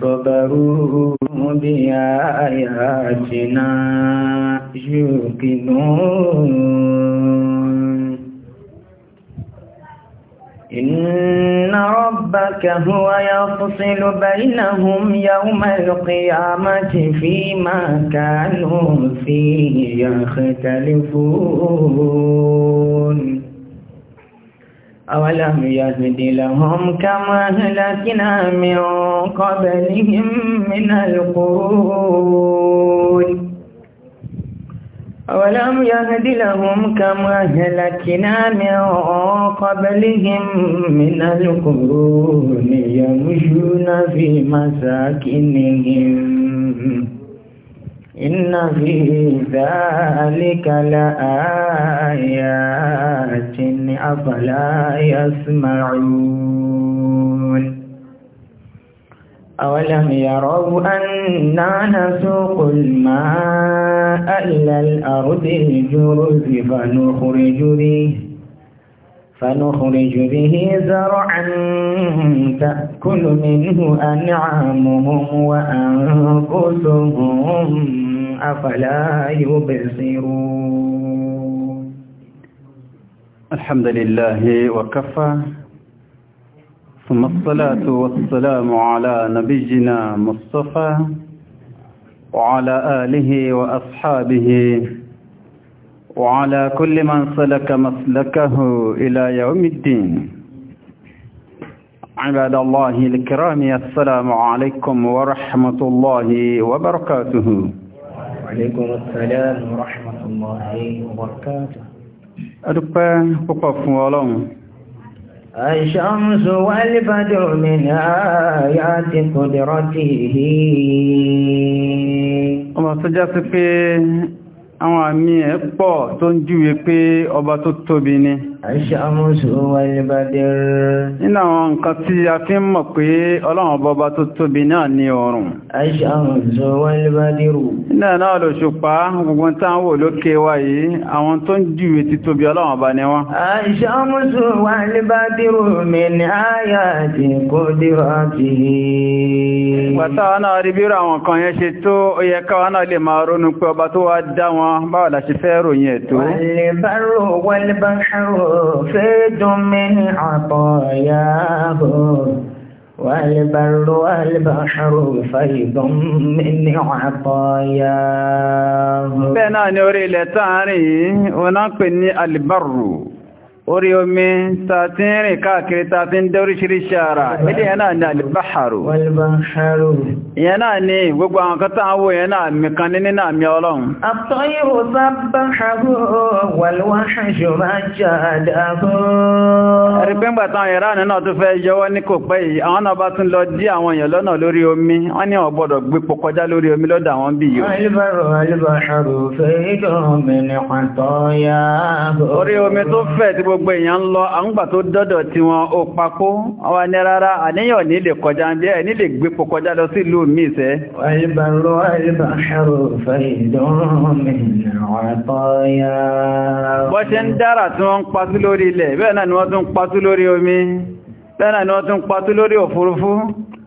صبروا بآياتنا يوقنون إن ربك هو يفصل بينهم يوم القيامة فيما كانوا فيه يختلفون أولم يهد لهم كما أهلكنا من قبلهم من القرون أولم يهد لهم كما أهلكنا من قبلهم من القرون يمشون في مساكنهم إن في ذلك لآيات أفلا يسمعون أولم يروا أنا نسوق الماء إلى الأرض الجرز فنخرج به فنخرج به زرعا تأكل منه أنعامهم وأنفسهم أفلا يبصرون الحمد لله وكفى ثم الصلاة والسلام على نبينا مصطفى وعلى آله وأصحابه وعلى كل من سلك مسلكه إلى يوم الدين عباد الله الكرام السلام عليكم ورحمة الله وبركاته Aleykum salaam wa rahmatullahi wa barakatuh. Adúpẹ́ púpọ̀ fún Ọlọ́run. الشمس والبدر من آيات قدرته. Ọmọ tó sí pé àwọn àmì ẹ̀ pọ̀ tó ń júwe pé ọba tó tóbi ni. Àṣàmùsù wàlìbàdìrì. Nínú àwọn nǹkan tí a fi ń mọ̀ pé ọlọ́run ọba tó tóbi náà ni ọ̀run. Àṣàmùsù wàlìbàdìrì. Nínú ẹ̀ náà lòṣùpá, gbogbo tá ń wò lókè wa yìí, àwọn tó ń júwe ti tóbi ọlọ́run ọba ni wọ́n. Àṣàmùsù wàlìbàdìrì mi ni àyà ti kó dìrọ̀ ti. Wàtá wa náà rí bí irú àwọn kan yẹn ṣe tó ó yẹ káwa náà lè máa ronú pé ọba tó wá dá wọn gan báwo la ṣe fẹ́ ròyìn ètò. Wàlìbárò wàlìbárò fẹ́dùn mi ní àpọ̀yà bò. Wàlìbárò wàlìbárò fẹ́dùn mi ní àpọ̀yà bò. Bẹ́ẹ̀ náà ni orí ilẹ̀ táàrin, náà pè ní àlìbárò orí omi tàti ń rìn káàkiri tàti ń dẹ́ oríṣiríṣi ara ilé yẹn náà ni alìbáhàrù yẹn náà ni gbogbo àwọn kọta àwọ yẹn náà mi kan ní nínú àmì ọlọ́run àtọ́yìnwò sábáhàrù wàlúwàṣàjọ̀bájáàdàbọ̀ Orí omi tó fẹ̀ tí gbogbo gbogbo èèyàn ń lọ gbà tó dọ́dọ̀ tí wọ́n ó papó ọwá ní rárá àníyàn ní lè kọjá bí ẹ̀ ní lè kọjá lọ sí ìlú mi ìsẹ́. àìbà ṣe ń dára tí wọ́n ń patú lórí ilẹ̀ bẹ́ẹ̀ náà ni wọ́n tún lórí omi bẹ́ẹ̀ ni wọ́n tún lórí òfurufú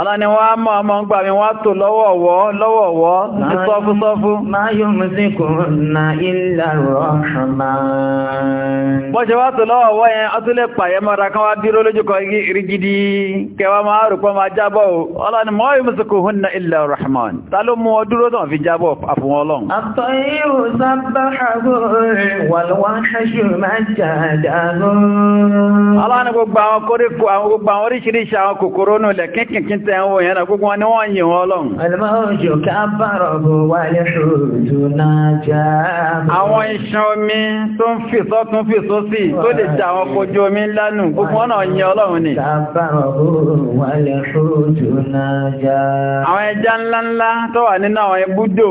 ọ̀nà ni wọ́n á mọ́ ọmọ gbà mi wọ́n tó lọ́wọ́wọ́ lọ́wọ́wọ́ ti sọ́fúsọ́fú. máa yóò mú sí kò na ilẹ̀ rọ̀ṣọ̀mán. bọ́ ṣe wá tó lọ́wọ́wọ́ yẹn ó tún lè pàyẹ mọ́ra kan wá dúró lójúkọ rigidi kẹwàá máa rò pọ́ máa jábọ̀ o ọ̀nà ni mọ́ yóò mú sí kò na ilẹ̀ rọ̀ṣọ̀mán ta ló mú ọ dúró tẹ́ ń wo yẹn náà gbogbo wọn ni wọ́n yìn wọ́n lọ́n. Àlùmọ́jò ká bàrọ̀ bò wà lè ṣòjò náà já. Àwọn iṣan omi tó ń fi sọ́tún fi sósì tó lè jà àwọn kojú omi lánù gbogbo wọn náà yìn Ọlọ́run ni. Àwọn ẹja ńláńlá tó wà nínú àwọn ibùdó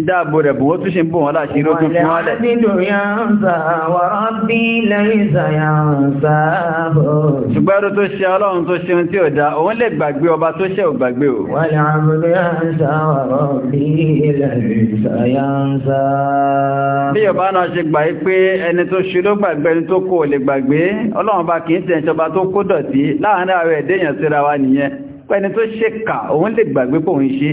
ń dáàbò rẹ̀ bù wọ́n tún ṣe ń bò wọ́n láṣírí ó tún fún wálẹ̀. ṣùgbọ́n ẹrú tó ṣe ọlọ́run tó ṣe ohun tí ò dá òun lè gbàgbé ọba tó ṣe ò gbàgbé o. bí ọba náà ṣe gbà yí pé ẹni tó ṣe ló gbàgbé ẹni tó kó ò lè gbàgbé ọlọ́run bá kì tẹ̀ ìjọba tó kó dọ̀tí láàárín àwọn ẹ̀dẹ́yàn síra wa nìyẹn pẹ́ni tó ṣe kà òun lè gbàgbé pòun ṣe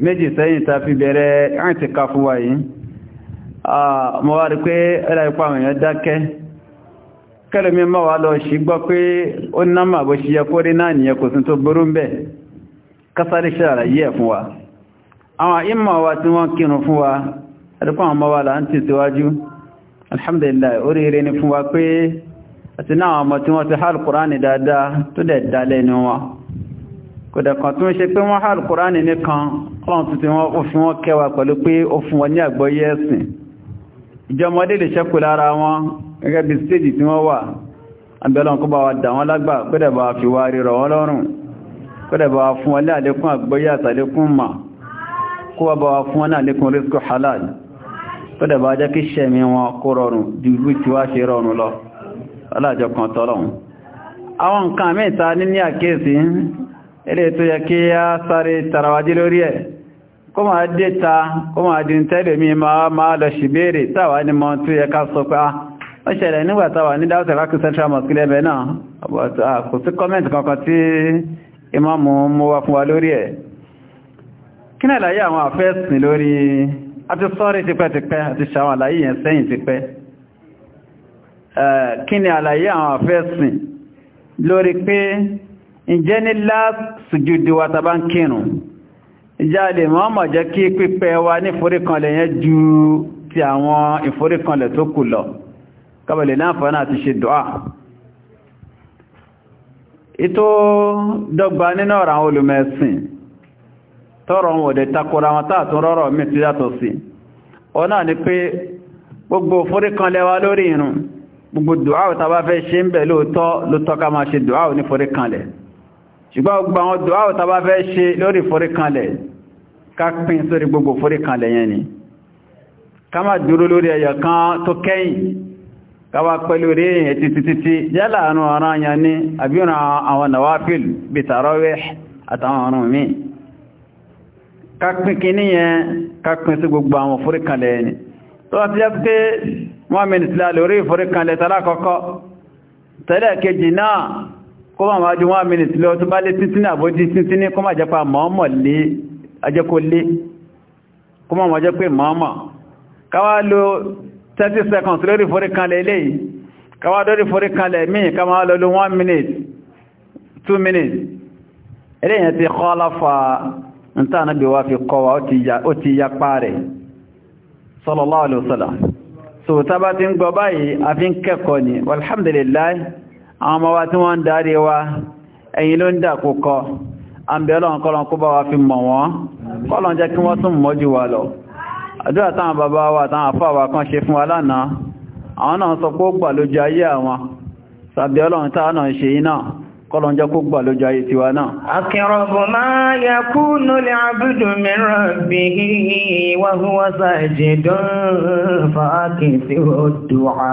méjì sẹ́yìn ta fi bẹ̀rẹ̀ àìtìká fún wa yìí mọ́ wá rí pé ẹ̀rà ipa àwọn èèyàn dákẹ́ kẹ́lùmí mọ́ wá lọ sí gbọ́ pé ó ná mà bó ṣe kó rí náà nìyẹn kò sí tó burú bẹ̀ kásáré ṣàlàyé ẹ̀ fún wa àwọn ìmọ̀ wa tí wọ́n kírun fún wa ẹ̀rùpá àwọn ọmọ là ń tẹ̀síwájú alhamdulillah oríire ni fún wa pé àti náà àwọn ọmọ tí wọ́n ti hálùkùránì dáadáa tó dẹ̀ dálẹ́ ni wọn kódà kan tó ń ṣe pé wọ́n hàl kúránì nìkan ọlọ́run tuntun wọn ó fi wọ́n kẹwàá pẹ̀lú pé ó fún wọn ní àgbọ́yé ẹ̀sìn ìjọmọdé lè ṣẹ́kù lára wọn gẹ́gẹ́ bí stéèjì tí wọ́n wà abẹ́lọ́n kó bá wa dà wọ́n lágbà kódà bá fi wá rí rọ̀ wọ́n lọ́rùn kódà bá fún wọn ilé tó yẹ kí a sáré tàràwájí lórí ẹ̀ kó máa dé ta kó máa dín tẹ́lẹ̀ mi máa lọ sí béèrè táwà ní mọ́ tó yẹ ká sọ pé wọ́n ṣẹlẹ̀ nígbà ní dáwọ́sẹ̀ imamu mú wa fún wa lórí ẹ̀ kí náà láyé àwọn àfẹ́sìn lórí àti sọ́rí tipẹ́tipẹ́ àti ṣàwọn àlàyé yẹn sẹ́yìn tipẹ́ eh, kí lórí pé ǹjẹ́ ní last sujudi wa tàbá ń kírùn ìjá lè mọ́mọ̀ jẹ́ kí pípẹ́ wa ní ìforíkanlẹ̀ yẹn ju ti àwọn ìforíkanlẹ̀ tó kù lọ kábàlẹ̀ láǹfààní àti ṣe dùá ìtò dọ́gba nínú ọ̀rọ̀ àwọn olùmẹ̀sìn tọ́rọ wọn òdẹ̀ takora wọn tààtún rọ́rọ̀ mi tí yàtọ̀ sí ọ gbogbo ìforíkanlẹ̀ wa lórí ìrun gbogbo dùá tàbá fẹ́ ṣe ń bẹ̀ lóòótọ́ ló tọ́ka máa ṣe dùá ní ìforíkanlẹ̀ ṣùgbọ́n gbogbo àwọn dùn áwọ̀ tàbá fẹ́ ṣe lórí foríkanlẹ̀ kápín sórí gbogbo foríkanlẹ̀ yẹn ni ká má dúró lórí ẹyọ kan tó kẹ́yìn káwà pẹ̀lú rí èyàn títí títí yálà àrùn ọ̀rọ̀ àyàn ní àbíọ̀nà àwọn nàwáfíìl bí tàrọwẹ́ àtàwọn ọ̀rọ̀ mi kápín kìíní yẹn kápín sí gbogbo àwọn kó máa máa ju one minute lọ tó bá lé sínsín àbójí sínsín ní kó máa jẹ́ pa mọ́ọ̀mọ̀ lé ajẹ́kó lé kó máa máa jẹ́ pé mọ́ọ̀mọ̀ káwá lo 30 seconds lórí forí kanlẹ̀ eléyìí káwá lórí forí kanlẹ̀ míì ká máa lọ lo one minute two minutes eléyìí ti kọ́ láfa ntáànà bí wá fi kọ́ wa ó ti yapa rẹ̀ sallallahu alaihi wasallam so tábà ti ń gbọ́ báyìí a fi ń kẹ́kọ̀ọ́ ni walhamdulillah àwọn ọmọ wa tí wọ́n ń darí wa ẹ̀yin ló ń dàkú kọ àbẹ̀lọ́n kọ́lọ̀n kó bá wa fi mọ̀ wọ́n kọ́lọ̀n jẹ́ kí wọ́n tún mọ́ jù wa lọ àdúrà táwọn bàbá wa táwọn àfà wa kan ṣe fún wa lánàá àwọn náà sọ pé ó gbà lójú ayé àwọn sàbẹ̀lọ́n táwọn náà ṣe yìí kọlọ̀njẹ́ kó gbà lójú ayé tiwa náà. Akrabu ma yakunu li'abdu min rabbihi wa huwa sajidun fa akthiru du'a.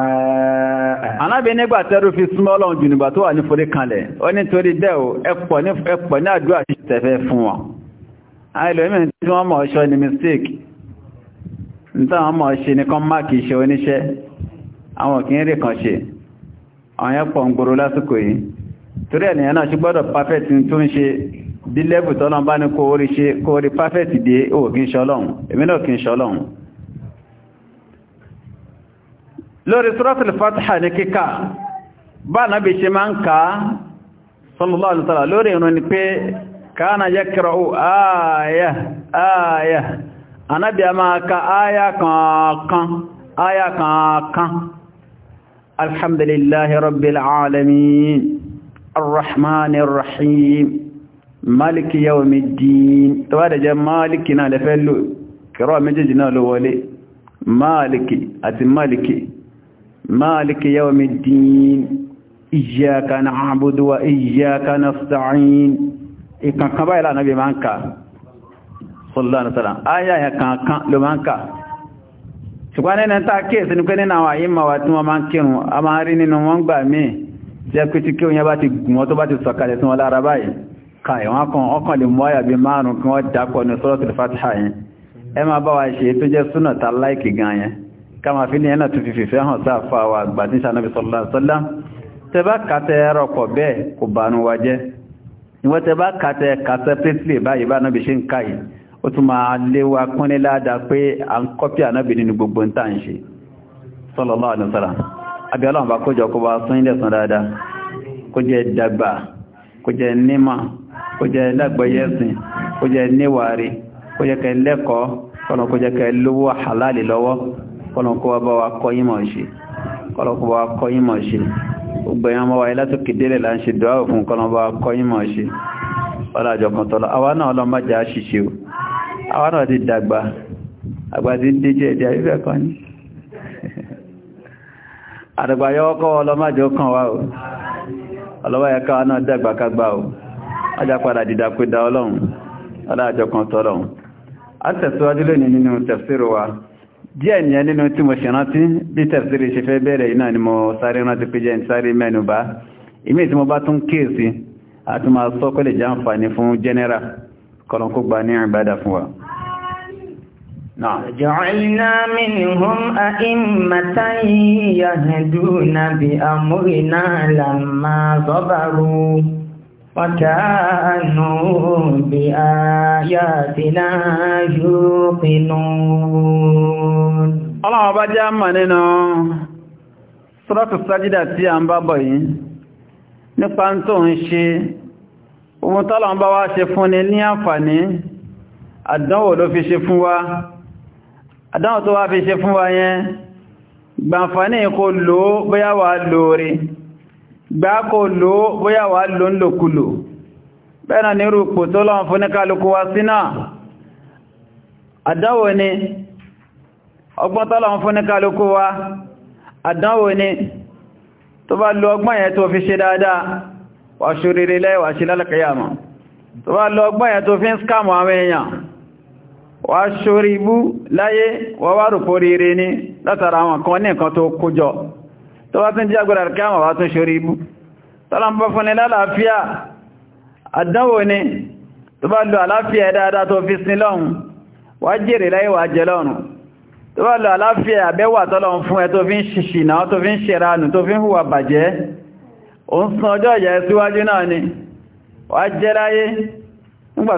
Anábi nígbà tẹ́rù fi súnmọ́ ọlọ́run nígbà tó wà ní forí mistake. Nítawọn mọ̀ ọ̀ṣẹ́ ni kan máàkì iṣẹ́ oníṣẹ́, àwọn kìí torí ẹ̀nìyàn náà ṣe gbọ́dọ̀ perfect tó ń ṣe bí lẹ́bù tọ́lọ́n bá ní kó orí ṣe kó orí perfect dé ò kí ń ṣọlọ́hun èmi náà kí ń ṣọlọ́hun lórí suratul fatiha ní kíkà bá nábi ṣe máa ń ká sallallahu alaihi alhamdulillahi rabbil alamin الرحمن الرحيم مالك يوم الدين توادا جاء مالك نا لفلو كرا مججنا لو ولي مالك ات مالك مالك يوم الدين اياك نعبد واياك نستعين ikan kan báyìí lánàbí máa ń ká sallallahu alaihi wasallam ayá ya kan kan ló máa ń ká ṣùgbọ́n nínú ta kíyèsí ní pé nínú àwọn àyíma wa tí wọ́n máa ń kírun a máa rí nínú wọ́n gbà míì jẹ́ pé tí kí oyin bá ti gùn wọn tó bá ti sọ̀kalẹ̀ sí wọn lára báyìí ka ìwọ́n kan ọkàn lè mú àyàbí márùn kí wọ́n dákọ̀ ní suratul Fatiha yẹn ẹ máa bá wa ṣe tó jẹ́ súnà ta láìkì gan yẹn ká máa fi ní ẹ̀nà tó fi fìfẹ́ hàn sáàfà wa àgbà ní sànàbí sallallahu alaihi wasallam tẹ bá àbí ọlọ́run bá kójọ kó bá sún ilẹ̀ sàn dáadáa kó jẹ́ dàgbà kó jẹ́ nímọ̀ kó jẹ́ lágbẹ̀yẹsìn kó jẹ́ níwàárí kó jẹ́ kẹ lẹ́kọ̀ọ́ kọ́nà kó jẹ́ kẹ lówó àhàlálì lọ́wọ́ kọ́nà kó bá wa kọ́ yímọ̀ ṣe kọ́nà kó bá wa kọ́ yímọ̀ ṣe gbogbo ẹ̀yàn mọ́ wáyé látòkè délẹ̀ là ń ṣe dùá òfin kọ́nà bá wa kọ́ yímọ̀ ṣe ọlájọ kan tọ́lọ àwa náà lọ má jẹ́ àṣìṣe o àwa náà ti dàgbà àgbà ti ń dé díẹ̀ díẹ̀ àdàgbàyọ́kọ́ ọlọ́májọ́ kan wá o ọlọ́wáyẹ́ká náà dàgbàkagbà o ajá padà dìdàkúdà ọlọ́run aláàjọ kan tọ́lọ́run a tẹ̀síwájú lónìí nínú tẹ̀síro wa díẹ̀ nìyẹn nínú tí mo ṣèrántí bí tẹ̀síro ṣe fẹ́ bẹ̀rẹ̀ iná ni mo sáré rántí pé jẹ́ sáré mẹ́nu bá ìmí tí mo bá tún kíyèsí àti máa sọ kó lè jẹ́ àǹfààní fún general kọlọ̀kó gba ní ìrìnbádà fún جعلنا منهم أئمة يهدون بأمرنا لما صبروا وكانوا بآياتنا يوقنون الله بجا مننا صلاة السجدة tí a ń bá bọ̀ yìí nípa tó ń ṣe ohun àdáwọn tó wá fi ṣe fún wa yẹn gbàǹfàní kò lò bóyá wà lóore gbà kò lò bóyá wà lò ń lòkulò bẹ́ẹ̀nà ní rúpò tó lọ́wọ́n fún ní kálukú wa sínà àdánwò ni ọgbọ́n tó lọ́wọ́n fún ní kálukú wa àdánwò ni tó bá lo ọgbọ́n yẹn tó fi ṣe dáadáa wà ṣorire lẹ́wà ṣe lálẹ́kẹ̀yàmọ̀ tó bá lo ọgbọ́n yẹn tó fi ń skámù àwọn èèyàn wa ṣorí ibu láyé wà wà rùpò rere ní látara àwọn kan ní ǹkan tó kójọ tó wá tún jẹ́ agbára kí àwọn wá tún ṣorí fún ni lálàáfíà àdánwò ni tó bá lo àláfíà dáadáa tó fi sin lọ́hun jèrè láyé wà jẹ́ láyé nígbà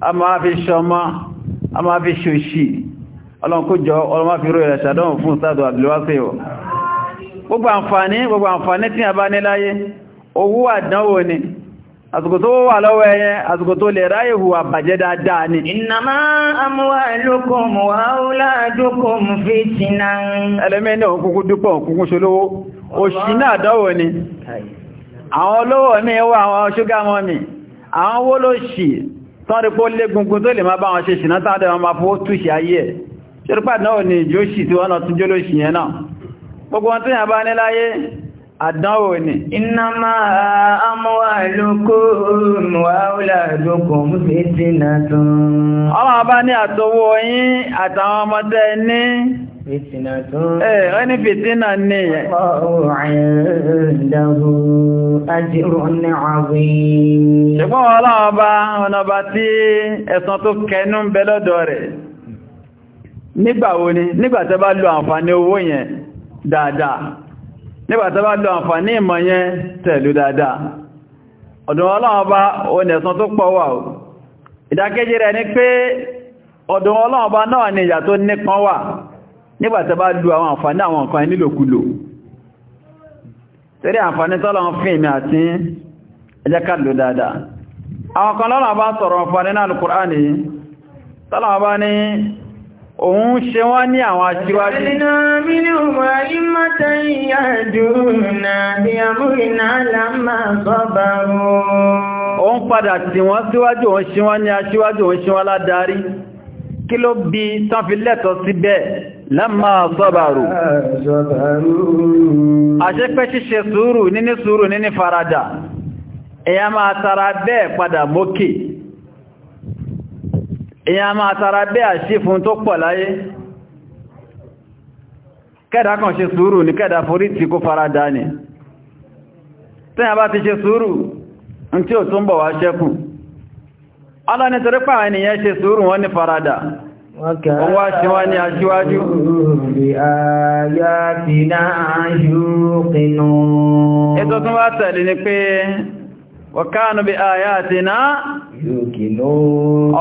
a máa fi ṣọmọ́ a máa fi ṣòṣì ọlọ́nkójọ ọlọ́má fi ró ẹ̀rẹ̀ ṣàdọ́n fún sáàdù àbìlúwáṣẹ́wọ̀ gbogbo àǹfààní gbogbo àǹfààní tí a bá ní láyé owó àdánwò ni àsìkò tó wà lọ́wọ́ ẹyẹ àsìkò tó lè ráyè hùwà bàjẹ́ dáadáa ni. ìnàmá amúhàlùkùn wàhálàdùkùn fìtínà. ẹlẹ́mẹ́ ní òun kúkú dúpọ̀ kúkú ṣolówó òṣì náà dánwò ni àwọn olówó mi wà àwọn ṣúgá mọ́ mi àwọn wó ló ṣì tọ́rí pó lé gungun tó lè máa bá wọn ṣe ṣìná tàbí wọn máa fó túṣì ayé ẹ̀ ṣerúpà náà ni ìjóṣì tí wọ́n náà tún jóló ṣì yẹn náà gbogbo wọn tó yàn bá níláyé àdánwò ni iná máa amọ́wà lókó wà láàdókò fìtínà Ee, wọ́n Ṣùgbọ́n tí tó ń bẹ lọ́dọ̀ rẹ̀. ni, nígbà bá lo àǹfààní owó yẹn dáadáa. Nígbà bá lo ìmọ̀ yẹn tẹ̀lú dáadáa. o. Ìdákejì rẹ̀ ni pé náà ni ìyà tó nígbàtà bá lù àwọn àǹfàní àwọn nǹkan nílòkulò torí àǹfàní tọ́lọ ń fi ìmì àti ẹjẹ́ká dáadáa àwọn kan lọ́nà bá sọ̀rọ̀ àǹfàní náà al tọ́lọ bá ní òun ṣe wọ́n ní àwọn aṣíwájú kí ló bí tán fi lẹ́tọ̀ọ́ sí bẹ́ẹ̀ lámà sọ́bàrù àṣẹ́pẹ́ ṣíṣe sùúrù níní sùúrù níní faraja èyàn ma tara bẹ́ẹ̀ padà mókè èyàn ma tara bẹ́ẹ̀ àṣífún tó pọ̀ láyé kẹ́dà kan ṣe sùúrù ní kẹ́dà forí ti kó faraja ni tẹ́yàn bá ti ṣe sùúrù ní tí ò túnbọ̀ Ala ṣẹ́kù ọlọ́ni torípàá ènìyàn ṣe sùúrù wọ́n faraja wọ́n wá ṣe wá ní aṣíwájú ètò tún wá tẹ̀lé ni pé wọ̀kánù bí ayá àti náà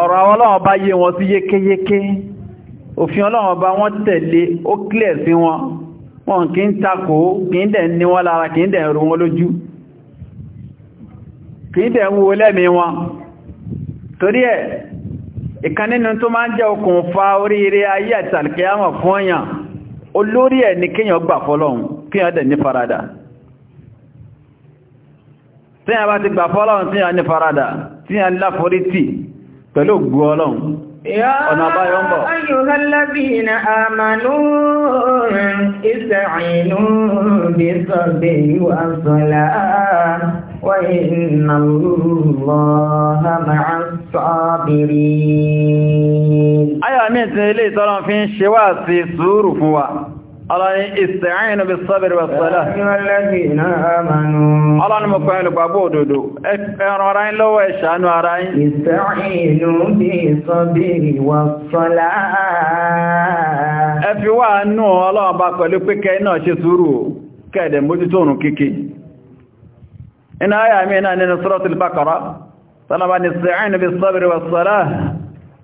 ọ̀rọ̀ àwọn ọlọ́wọ̀n bá yé wọn sí yékéyéké òfin ọlọ́wọ̀n bá wọ́n tẹ̀lé ó kílẹ̀ sí wọn wọn kí ń takò kí ń dẹ̀ ní wọn dẹ̀ rú wọn dẹ̀ wọn torí ìkan nínú tó máa ń jẹ́ okùnfà oríire ayé àti àlìkíyàmọ̀ fún ọ̀yàn olórí ẹ̀ ní kíyàn gbà fọ́lọ́hun kíyàn dẹ̀ ní farada tíyàn bá ti gbà fọ́lọ́hun tíyàn ní farada tíyàn láforítì pẹ̀lú ògbú ọlọ́hun ọ̀nà àbáyọ ń sàábìrín. Ayà mi ti ilé ìtọ́lọ̀ fi ń ṣe wá sí sùúrù fún wa. Ọlọ́ni ìsẹ̀yìn bí sọ́bẹ̀rẹ̀ wàsọ́lá. Ọlọ́ni mọ̀ pẹ̀lú gbogbo òdòdó, ẹran ara yín lọ́wọ́ ìṣàánú ara yín. Ìsẹ̀yìn bí sọ́bẹ̀rẹ̀ wàsọ́lá. Ẹ fi wà nù ọlọ́run bá pẹ̀lú pẹ́kẹ́ náà طلبا استعين بالصبر والصلاة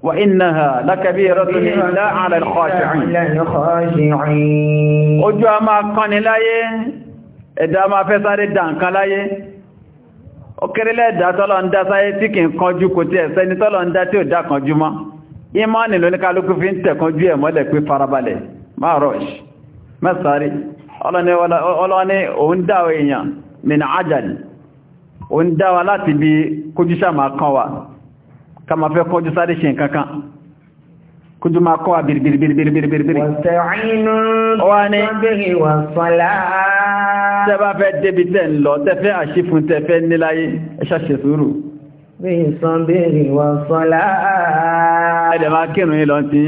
وإنها لكبيرة إلا على الخاشعين ojú a máa kọ́ni láyé ẹ̀dá máa fẹ́ sáré dànkan láyé ó kéré lẹ́ẹ̀dá tọ́lọ ń dá sáyé tí kì ń kánjú kò tí ẹ̀sẹ́ ni tọ́lọ ń dá tí ò dá kánjú mọ́ ìmánì ló ní kálukú fi ń tẹ̀kánjú ẹ̀ mọ́lẹ̀ pé farabalẹ̀ máa rọ̀ṣì mẹ́sàárì ọlọ́ni òun dáwọ èèyàn mìnà ájàlì ó ń dá wa láti bí kójúṣà máa kán wa ká máa fẹ́ kọjú sáré ṣe nǹkan kan kójú máa kọ́ wa bìrìbìrìbìrìbìrì bí ìsan béèrè wà sọ́lá. Ẹ̀dẹ̀ máa kírùn yí lọ tí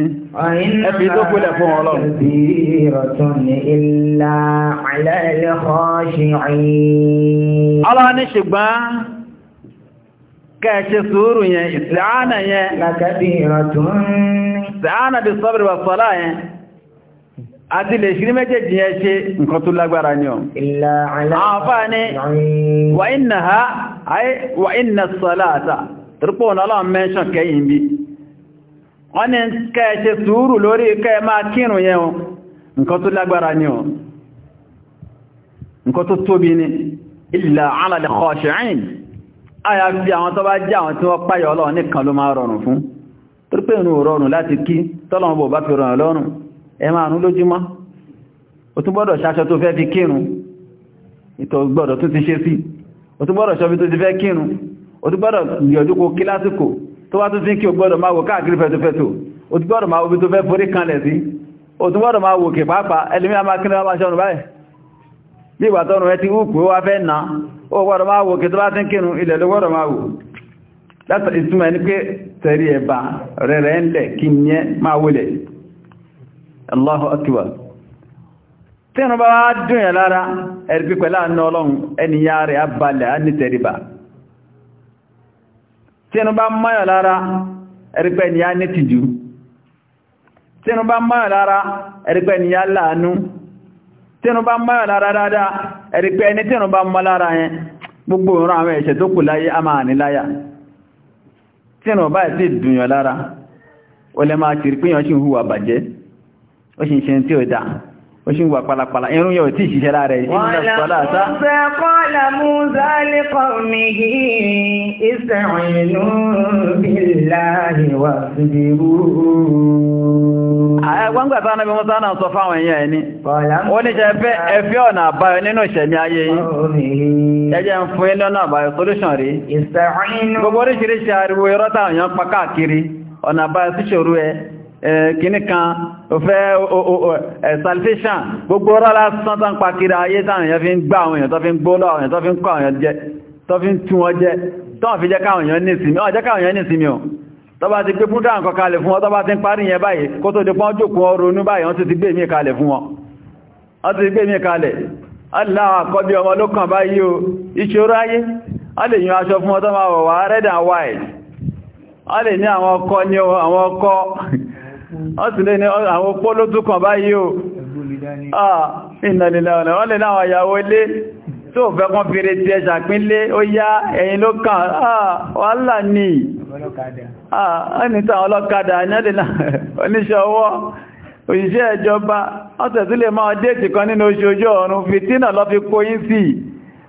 ẹbí tó kúlẹ̀ fún ọlọ́run. Bí ìrọ̀tún ní ilá àlẹ́lẹ́kọ́ ṣe rìn. ṣùgbọ́n kẹ́ẹ̀ṣe sùúrù yẹn, ìsìláànà yẹn. Lákàbí ìrọ̀tún. Ìsìláànà bí sọ́bìrì wà sọ́lá yẹn àti lè ṣírí méjèèjì yẹn ṣe nǹkan tó lágbára ní ọ̀. àfáàní wà iná ha ayé wà iná sọ́láàtà torípò ọ̀nàlá mẹ́ṣàn kẹ́yìn bí wọ́n ni kẹ́ẹ̀ṣe sùúrù lórí kẹ́ẹ̀ máa kírun yẹn nǹkan tó lágbára ní ọ̀ nǹkan tó tóbi ní ilẹ̀ alàlẹ̀ kọ̀ọ̀ṣẹ̀rin àyà fi àwọn tó bá jẹ́ àwọn tí wọ́n páyọ̀ ọlọ́run nìkan ló máa rọrùn fún torípé ìrùn rọrùn láti kí tọ́lọ́run bò bá fi rọrùn lọ́rùn ẹ máa rún lójúmọ́ o tún gbọ́dọ̀ ṣaṣọ tó fẹ́ fi kírun ìtọ̀ gbọ́dọ̀ tún ti ṣe sí o tún gbọ́dọ̀ ṣọ́bí tó ti fẹ́ kírun o tún gbọ́dọ̀ gbìyànjú kó kí lásìkò tó wá tún sí kí o gbọ́dọ̀ máa wò káàkiri fẹ́tofẹ́tò o tún gbọ́dọ̀ máa wo bí tó fẹ́ forí kanlẹ̀ sí o tún gbọ́dọ̀ máa wò kè ní pé tẹ̀rí ẹ̀bà rẹ̀ ń lẹ̀ kí ní ẹ máa wọlẹ̀ Allahu akbar tí wọ́n bá wá dùn yà lára ẹ̀rìbí pẹ̀lá àná ọlọ́run ẹniyà rẹ̀ abalẹ̀ á ní tẹríba tí wọ́n bá máyà lára ẹ̀rìpẹ̀ ẹniyà ní tìjú tí wọ́n bá máyà lára ẹ̀rìpẹ̀ ẹniyà láàánú tí wọ́n bá máyà lára dáadáa ẹ̀rìpẹ̀ ẹni tí wọ́n bá mọ́ lára yẹn gbogbo ìran àwọn ẹ̀ṣẹ̀ ó ṣe ń ṣe tí ó dáa ó ṣe ń wà pàlàpàlà irun yóò tí ìṣiṣẹ́ láàrẹ̀ Àwọn gbàtà náà bí Musa náà sọ fáwọn èèyàn ẹni, ó ní ṣe ẹfẹ́ ọ̀nà àbáyọ nínú ìṣẹ̀mí ayé yìí, ẹjẹ́ ń fún ilé ọ̀nà àbáyọ solúṣàn rí. Gbogbo oríṣiríṣi ariwo irọ́ta èèyàn Eh, kìíní kan òfẹ́ eh, salvation gbogbo ọ̀rọ̀ lásán tán pàkiri ayé táwọn èèyàn fi ń gbá àwọn èèyàn tó fi ń gbólọ́ àwọn èèyàn tó fi ń kọ́ àwọn èèyàn jẹ tó fi ń tún wọn jẹ tán fi jẹ́ káwọn èèyàn ní ìsinmi ọ̀ jẹ́ káwọn èèyàn ní ìsinmi ọ̀ tó bá ti gbé púdà nǹkan kalẹ̀ fún wọn tó bá ti ń parí yẹn báyìí kó tó di pọ́n jòkó ọrọ̀ onú báyìí wọ́n ti ti gbé mí kalẹ̀ fún wọn wọ́n ti gbé mí kalẹ̀ aláwọ̀ àkọ́bí ọmọ ló kàn báyìí o ìṣòro ayé a lè yún aṣọ wọ́n sì lè ní àwọn opó ló tún báyìí o ìnàlélàwọ̀lẹ̀ ah, wọ́n lè láwọn ìyàwó ilé tó fẹ́ kan fèrè tí ẹjà pínlé ó yá ẹ̀yìn ló kàn ah, wàhálà ní ọ̀nìtàn ọlọ́kadà ah, oníṣẹ́ ọwọ́ òṣìṣẹ́ lè máa déètì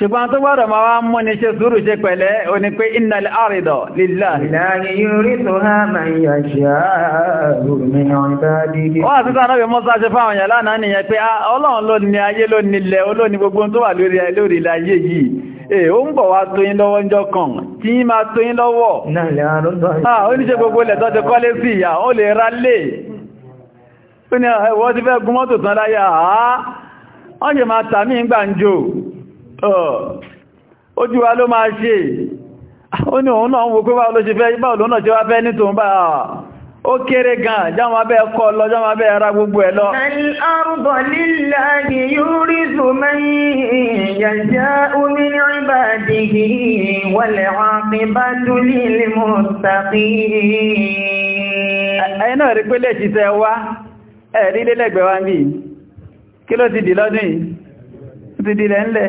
ṣùgbọ́n tó gbọ́dọ̀ ma wá mú ní ṣe sùúrù ṣe pẹ̀lẹ́ o ní pé iná àrídọ̀ lílàí. láàrin yóò rí tó ha eh, ń bọ̀ wá tóyín lọ́wọ́ ń jọ kàn tí yí máa tóyín lọ́wọ́ ah, ó ní ṣe gbogbo ilẹ̀ tó kọ́lé sí ìyà ó lè ra lè ó ní ẹ̀wọ́ ah, ti fẹ́ gúnmọ́tò tán láyé àá wọ́n jẹ máa tàmí ń gbà ń jò ojú wa ló máa ṣe ó ní òun náà ń wo pé báwo fẹ́ báwo ló náà wá fẹ́ bá ó kéré gan jáwọn abẹ́ ẹkọ́ lọ jáwọn abẹ́ ara gbogbo ẹ̀ lọ. al náà rí pé lè ṣiṣẹ́ wá ẹ̀rí wá kí ló ti dì lọ́dún yìí ti dì lẹ́ńlẹ̀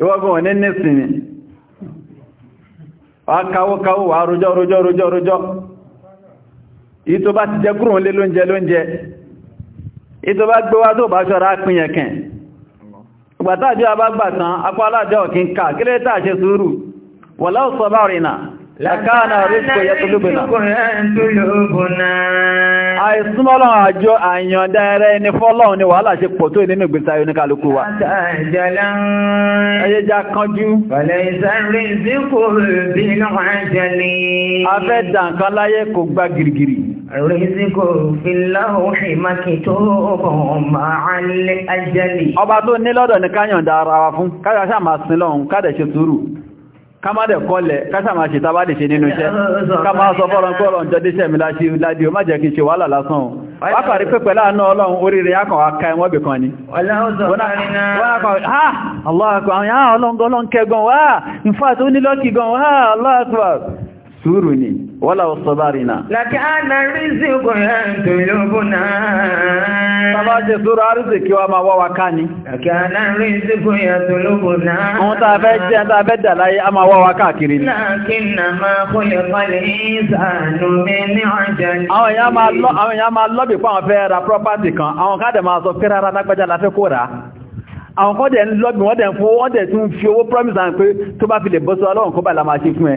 ìwọ́gbọ̀n ní nísìnyí wà káwókáwó wà rújọ́ rújọ́ rújọ́ rújọ́ yìí tó bá ti jẹ kúrò lé lóúnjẹ lóúnjẹ yìí tó bá gbé wá tó bá ṣọ́ra pínyẹ̀kẹ̀n ìgbàtàjọ́ abágbàtàn apá aládẹ́ ọ̀kínkà kílẹ̀ tàà ṣe sùúrù wọ̀láwọ̀ sọ Làkánà ríkò yẹtùlúbùnà. Àìsúnmọ́lọ́ àjọ àyàndá ẹrẹ ni fọ́lọ́un ni wàhálà ṣe pọ̀ tó nínú ìgbésí ayé oníkàlùkù wa. Ẹyẹ já kánjú. Afẹ́ dànkan láyé kò gba gìrìgìrì. Ọba tó ní lọ́dọ̀ ní káyàndá ara wa fún, káyà sáà máa sin lọ́hun, ká ká má dẹ̀ kọlẹ̀ káṣà máa ṣe tábá lè ṣe nínú iṣẹ́ ká máa sọ fọ́rọ̀ kọ́rọ̀ ń jọdé ṣẹ̀mí láti ládìí o má jẹ́ kí n ṣe wàhálà lásán o wákàrí pẹ́pẹ́ láàánú ọlọ́run oríire akàn aka ẹwọ́n bì kan ni sùúrù ni wọ́lá ọ̀sọ̀ bá rí náà. Láti àná rí sí ọkùnrin tó lóbù náà. Bàbá jẹ sùúrù àrísì kí wá máa wá wa ká Láti àná rí sí ọkùnrin tó lóbù náà. Àwọn tá jẹ́ tá láyé a máa wá wa káàkiri ni. Láti nà máa kó lè palẹ̀ ìsànù mi Àwọn èèyàn máa lọ́bì fún àwọn fẹ́ promise and pé tó bá fi lè bọ́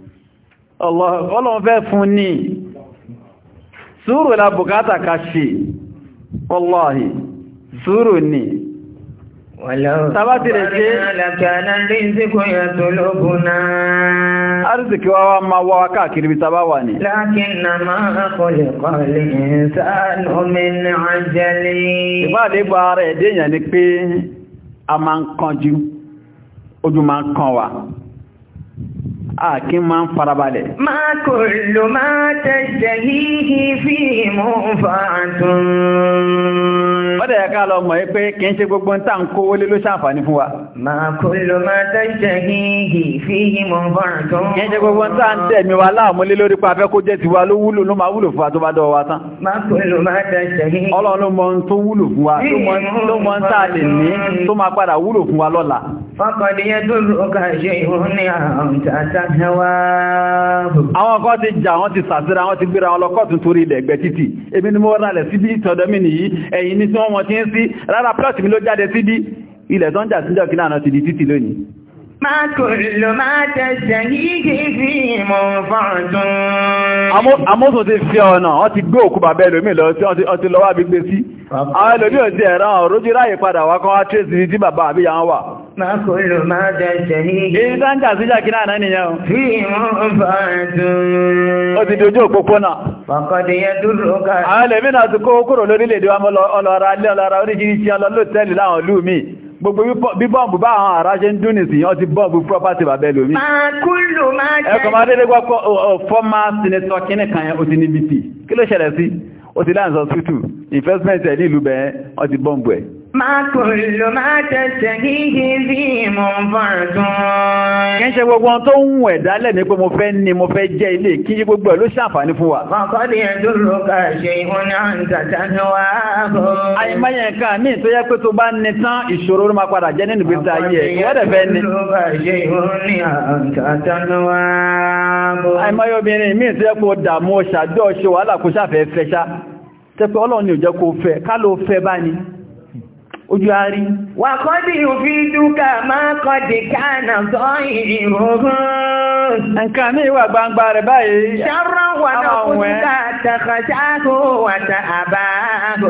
ọlọ́run fẹ́ fún ní sùúrù la ká ṣe ọlọ́hì sùúrù ní tàbátìrẹ̀ ṣe wá máa wá káàkiri bí tàbá wà ní lákínà máa kọlẹ̀ kọlẹ̀ ìsáàlùmínà àjẹ́lẹ̀ ìbáàdé bá ni pé a máa ń oju ojú máa wa àkí máa ń farabalẹ̀. Máa kò lò máa tẹ́jẹ̀ yìí fi mú fàtún. Ó dẹ̀ ká lọ mọ̀ pé kì í ṣe gbogbo ta ń kó wọlé ló ṣàǹfààní fún wa. Máa kò lò máa tẹ́jẹ̀ yìí fi mú fàtún. Kì í ṣe gbogbo ta ń tẹ̀mí wa láàmúlé lórí pa afẹ́ kó jẹ́ tiwa ló wúlò ló máa wúlò fún wa tó bá dọ̀ wa tán. Máa kò lò máa tẹ́jẹ̀ yìí. Ọlọ́run ló mọ ohun tó wúlò fún wa, ló mọ ohun tá a lè ní tó máa padà wúlò fún wa lọ́la. Fọ́kọ̀ ni yẹ tó lókà ṣe ìhun ní àwọn tàtàwà. Àwọn ọkọ̀ ti jà wọ́n ti sàtíra wọ́n ti gbéra wọn lọ́kọ̀ tún torí ilẹ̀ ẹgbẹ̀ títì. Èmi ni mo rálẹ̀ síbí ìtọ̀dọ́mì nìyí, ẹ̀yìn ni tí wọ́n wọ́n ti ń sí, rárá plọ́ọ̀tì mi ló jáde síbí, ilẹ̀ tó ń jà síjọ́ kí náà ti di títì lónìí. Máa kò lò máa tẹ̀sẹ̀ yígi fi ìmọ̀ fọ́ọ̀dún. Amóso ti máa kò lò máa dẹ̀ṣẹ̀ ní ilé. Èyí sáńjà síjà kí náà nìyẹn o. Fí ìwọ̀n bá dùn. Ó ti dojú òpópónà. Fọ̀kọ̀dé yẹn dúró ká. Àwọn ẹlẹ́mí náà ti kó kúrò lórílẹ̀-èdè wa ọlọ́ra alẹ́ ọlọ́ra oríṣiríṣi ọlọ́lọ́tẹ́lì láwọn ìlú mi. Gbogbo bí bọ́ọ̀bù bá àwọn ará ṣe ń dún nìsìn, wọ́n ti bọ́ọ̀bù property bàbẹ́ lómi. Máa kúlù máa jẹ́. Ẹ̀kọ́ máa dédé gbọ́ fọ́mà sinetọ̀ kíní kan yẹn ó ti níbi tì. Kí ló ṣẹlẹ̀ sí? Ó ti láǹsọ̀ tútù, investment ẹ̀ ní ìlú bẹ̀ẹ́, wọ́n ti bọ́ọ̀bù ẹ̀. Ma kò lò máa tẹ̀sẹ̀ gígí bí mọ̀ fàrùtún. Kí ń ṣe gbogbo tó ń wù ẹ̀dá lẹ́ni pé mo fẹ́ ní mo fẹ́ jẹ́ ilé kí yí gbogbo ẹ̀ ló ṣàǹfààní fún wa. Ọkọ̀dé ẹ̀dúró ká ṣe ìhun náà ń tàtà ní wá bọ̀. Àìmọye nǹkan míì tó yẹ pé tó bá ní tán ìṣòro ló máa padà jẹ́ nínú ìgbésí ní. Àìmọye obìnrin míì ojú àárí. Wàkọ́dì òfin dúkà máa kọ́dì káànà sọ ìrọ̀rùn. Nǹkan ní ìwà gbangba rẹ̀ báyìí. Ṣọ́rọ̀ wà náà kúrúkà tàkàṣákò wà tà àbáàbò.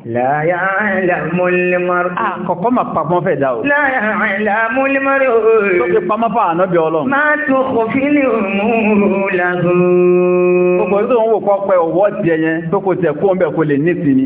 Láyá àìlàmú lèmọ́rù. Àkọ̀kọ́ ma pàpọ̀ fẹ́ dá o. Láyá àìlàmú lèmọ́rù. Tó fi pamọ́ fà àná bí ọlọ́run. Máa tó kò fi lè mú làgùn. Gbogbo tó ń wò kọ́ pẹ́ òwò tiẹ̀ yẹn tó kò tẹ̀ kó ń bẹ̀ kó lè ní ìsinmi.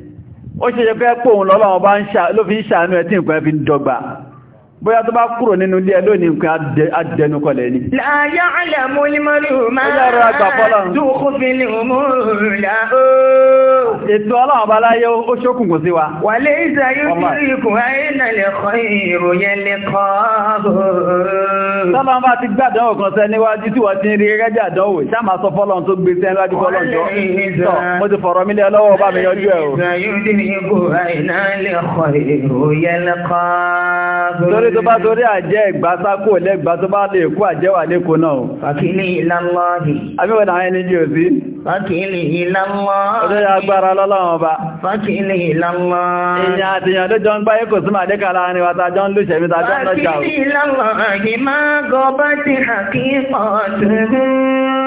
ó ṣe yẹ pé pòun lọ́lọ́wọ́ bá ló fi ń ṣàánú ẹ̀ tí nǹkan fi ń dọ́gba bóyá tó bá kúrò nínú ilé ẹ lónìí nǹkan adẹnukọlẹ̀ ni. ní òmùrùlá Tọ́lọ́n bá ti gbádán ọ̀kan sẹ níwájú tí wọ́n ti rí gẹ́gẹ́ jẹ́ àdánwò, ṣáàmà sọ fọ́lọ́n tó gbé sẹ́n lájú fọ́lọ́n jọ. Mo ti fọ̀rọ̀ mílẹ̀ lọ́wọ́ bá mi yọjú ẹ̀ o. Torí tó bá torí àjẹ́ ìgbásákò Fákìlì ìlàmọ́. Olóyè agbára lọ́lọ́wọ́ bá. Fákìlì ìlàmọ́. Ìyàn àti ìyàn ló jọ ń gbáyé kò súnmà dé kàrà ní wata jọ ń lóṣẹ̀ bí tajọ́ lọ́jà. Fákìlì ìlàmọ́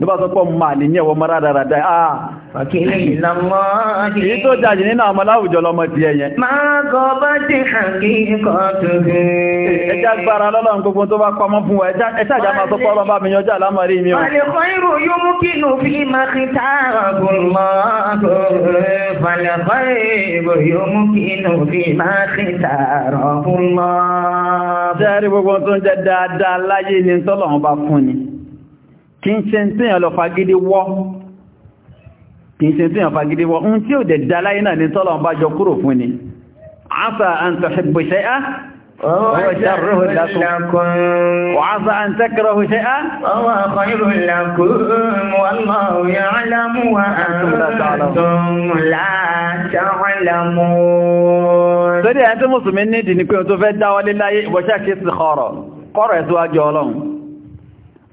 ló bá sọ pọ́ ma lè ní ẹ̀wọ́ mara dáradá àà èyí tó jáde nínú àwọn aláwùjọ lọmọ ti ẹyẹ ẹjá gbára lọ́lọ́run gbogbo tó bá pamọ́ fún wa ẹjá àjá máa sọ pọ́lọ́ bá mi yanjú àlámọ̀rí mi o àlèkọ́ ìrò mú kí nù fi máa kí n ṣe tí èyàn lọ fagídí wọ́ kí n ṣe tí èyàn fagídí wọ́ ń tí ò dẹ̀ dá láyé náà ní tọ́lọ̀ bá jọ kúrò fún ni asa an tuhibbu shay'a وهو شره لكم وعسى أن تكرهوا شيئا وهو خير لكم والله يعلم وأنتم لا تعلمون Sọ́dí ẹ̀ tí ni pé o tó fẹ́ dáwọlé láyé ìwọ̀ṣẹ́ kí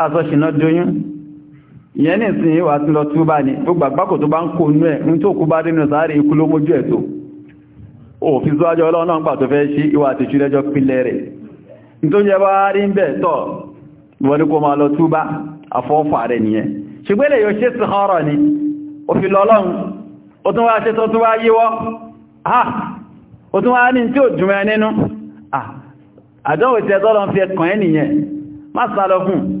àtọ́ṣìná doyún ìyẹn ní ìsìn ìwà tí lọ túbá ní gbogbo àgbákò tó bá ń kó inú ẹ̀ ní tó kú bá rínú sáàrí ikú ló mójú ẹ̀ tó òfin tó ajọ́ ọlọ́nà ń pàtó fẹ́ sí ìwà àti ìṣúrẹ́jọ́ pílẹ̀ rẹ̀ tó jẹ bá rí ń bẹ̀ tọ́ wọ́n ní kó máa lọ túbá àfọ́fà rẹ̀ nìyẹn ṣùgbẹ́lẹ̀ yóò fi ẹ̀kàn ah! ẹ́ nìyẹn má sálọ fún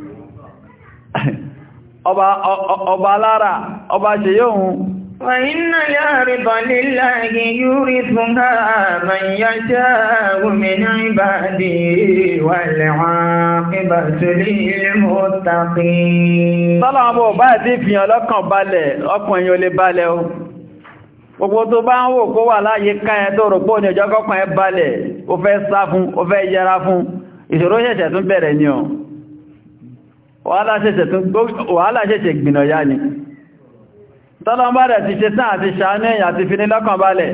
ọba alára ọba ṣe yóò hun wà iná yà lílá igi yóò rí fún káàmà yà gómìnà ìbàdí wà lẹ́wọ̀n ìbàtúlé balẹ̀ gbogbo tó bá ń wò kó wà láyé káyẹ tó rò ní ọjọ́ kọ́kàn ẹ balẹ̀ o fẹ́ sá fún o fẹ́ yẹra fún ìṣòro ṣẹ̀ṣẹ̀ tún bẹ̀rẹ̀ ni o wàhálà ṣẹ̀ṣẹ̀ gbìnà yá ni tọ́lọ́mbà rẹ̀ ti ṣe tán àti ṣàánú èyàn àti fi ní lọ́kàn balẹ̀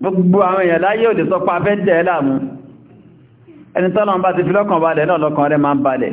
gbogbo àwọn èèyàn láyé òdè sọpa fẹ́ dẹ̀ láàmú ẹni tọ́lọ́mbà ti fi lọ́kàn balẹ̀ náà rẹ̀ máa ń balẹ̀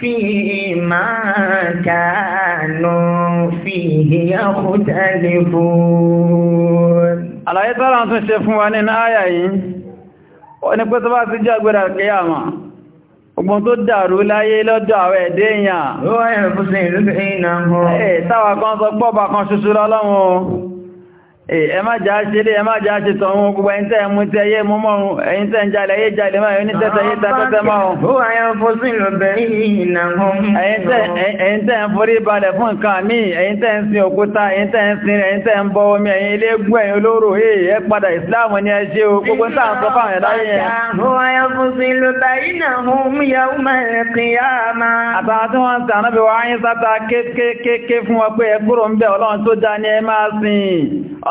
فيما كانوا فيه يختلفون àlàyé tọ́rọ tún ṣe fún wa nínú àyà yìí ó ní pé tó bá ti jẹ́ àgbẹ̀rẹ̀ àkíyàmà ogun tó dàrú láyé lọ́dọ̀ àwọn ẹ̀dẹ́ ó ẹ̀fúsẹ̀ Eh, ẹ má jà ṣeré ẹ má jà ṣe tọ̀hún gbogbo ẹ̀yin tẹ́ mú tẹ́ yé mú mọ́rún tẹ́ ń jalè ayé jalè máa ní tẹ́tẹ́ yé tẹ́tẹ́ máa ọ̀hún ẹ̀yin tẹ́ ń forí balẹ̀ fún nǹkan mí ẹ̀yin tẹ́ ń sin òkúta ẹ̀yin tẹ́ ń sin omi olóró eh, o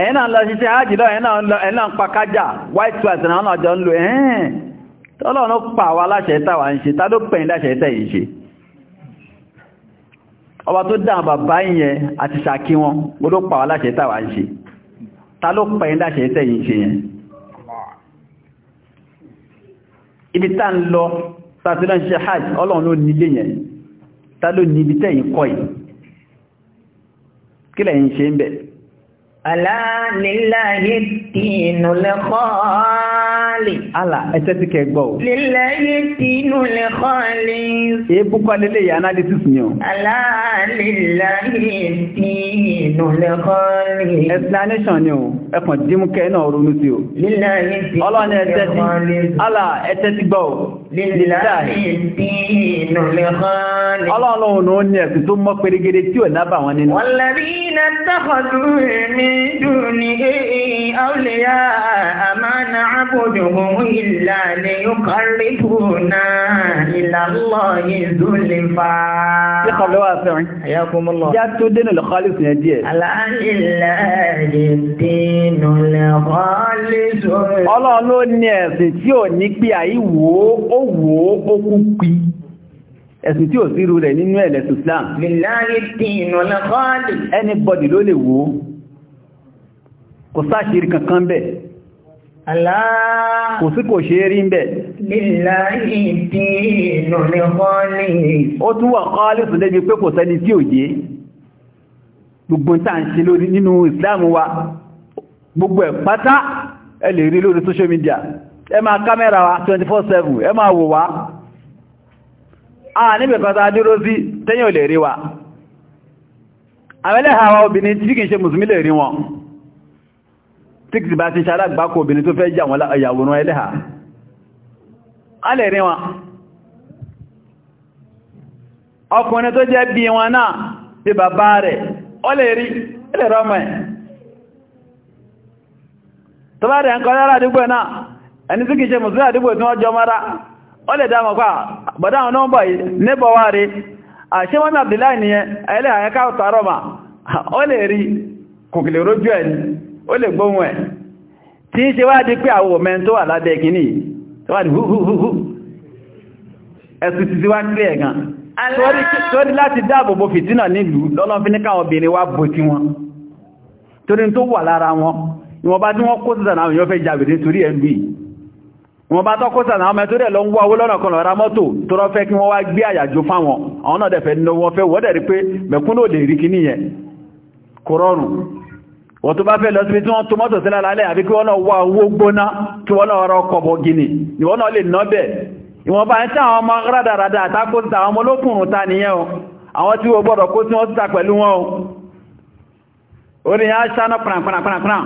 ẹ̀yìn náà lọ ṣiṣẹ́ àjìlọ ẹ̀yìn náà pa kájà white white náà náà jọ ń lò ẹ̀hìn tọ́lọ́nà pa àwọn aláṣẹ ìtàwà ń ṣe tá ló pẹ̀yìn láṣẹ ìtà yìí ṣe ọba tó bàbá àti ṣàkí wọn pa ìtàwà Àlá líláyé tínú lẹ́kọ́ọ́lì. Àlá ẹ̀tẹ́ ti kẹgbọ́. Líláyé tínú lẹ́kọ́ọ́lì. Èébú kọ́ lélé yà analysis ni o. Àlá líláyé tínú lẹ́kọ́ọ́lì. Explanation ni o, ẹkàn dímú kẹ́ náà ronú sí o. Líláyé tínú lẹ́kọ́ọ́lì. Ọlọ́ni ẹ̀tẹ́ ti gbọ́ Ọlọ́run ò ní ẹ̀sìn tó mọ́ pẹ̀rẹ̀gẹ̀rẹ̀ tí ò nábà wọn nínú. Wọ́n lẹ́rí iná tàkọ̀dù mi dùn ní èèyàn àúlẹ̀yà àmàna àbòdògùn ìlà ni yóò kọrí bùnà ìlàlọ́ ìzúlẹ̀fà. Yẹ́kọ̀ lọ́wọ́ àfẹ́rin. Àyàkùnmọ́lọ́. Yá tó dénú Ọlọ́run ò ní ẹ̀sìn tí ò ní pé àyíwò ó wò ó kó kú pi ẹ̀sùn tí ò sí irú rẹ̀ nínú ẹ̀lẹ́sùn Islam anybody ló lè wò ó kò sáṣírí kankan bẹ̀ kò sí kò ṣe rí ń bẹ̀ ó tún wà kọ́lù sọ débi pé kò sẹ́ni tí ò yé gbogbo tàà ń ṣe lórí nínú Islam wa gbogbo ẹ̀ pátá ẹ lè rí lórí social media ẹ máa kámẹ́rà wa 24/7 ẹ máa wò wá a níbẹ̀ kan sáà dúró sí tẹ́yìn lè rí wa àwẹ́lẹ̀ àwa obìnrin tí ṣe mùsùlùmí lè rí wọn tí kìí bá ti obìnrin tó fẹ́ jà wọn ìyàwòrán a lè rí wọn ọkùnrin tó jẹ́ bí wọn náà bí bàbá rẹ̀ ọ lè rí ẹlẹ́rọ tọ́bá rẹ̀ ń náà ẹni tí kìí ṣe mùsùlùmí àdúgbò tí wọ́n jọ mara ó lè dámọ̀ pa ah, bọ̀dá àwọn nọ́mbà yìí rí àṣẹ wọ́n Abdullahi nìyẹn ẹlẹ́ àyẹ́ká ma ó lè rí kòkìlè rójú ẹ̀ ó lè gbóhùn ẹ̀ torí tó wà lára wọn tí wọ́n wọ́n bá tọ́kọ́ sànà ọmọ ẹ̀tọ́ rẹ̀ lọ ń wá owó lọ́nà kan ra mọ́tò tó rọ́ fẹ́ kí wọ́n wá gbé àyàjò fáwọn àwọn náà dẹ̀fẹ́ ní wọ́n fẹ́ wọ́dẹ̀ rí pé mẹ̀kún ló lè rí kí níyẹn kò rọrùn wọ́n tó bá fẹ́ lọ sí tí wọ́n tó mọ́tò sílẹ̀ lálẹ́ wọ́n ni wọ́n náà lè ná bẹ̀ ìwọ̀nba ń tí àwọn ọmọ rádaràdà àtakó sí ta pẹ̀lú wọn o orí yẹn ṣáná pranpranpranpran.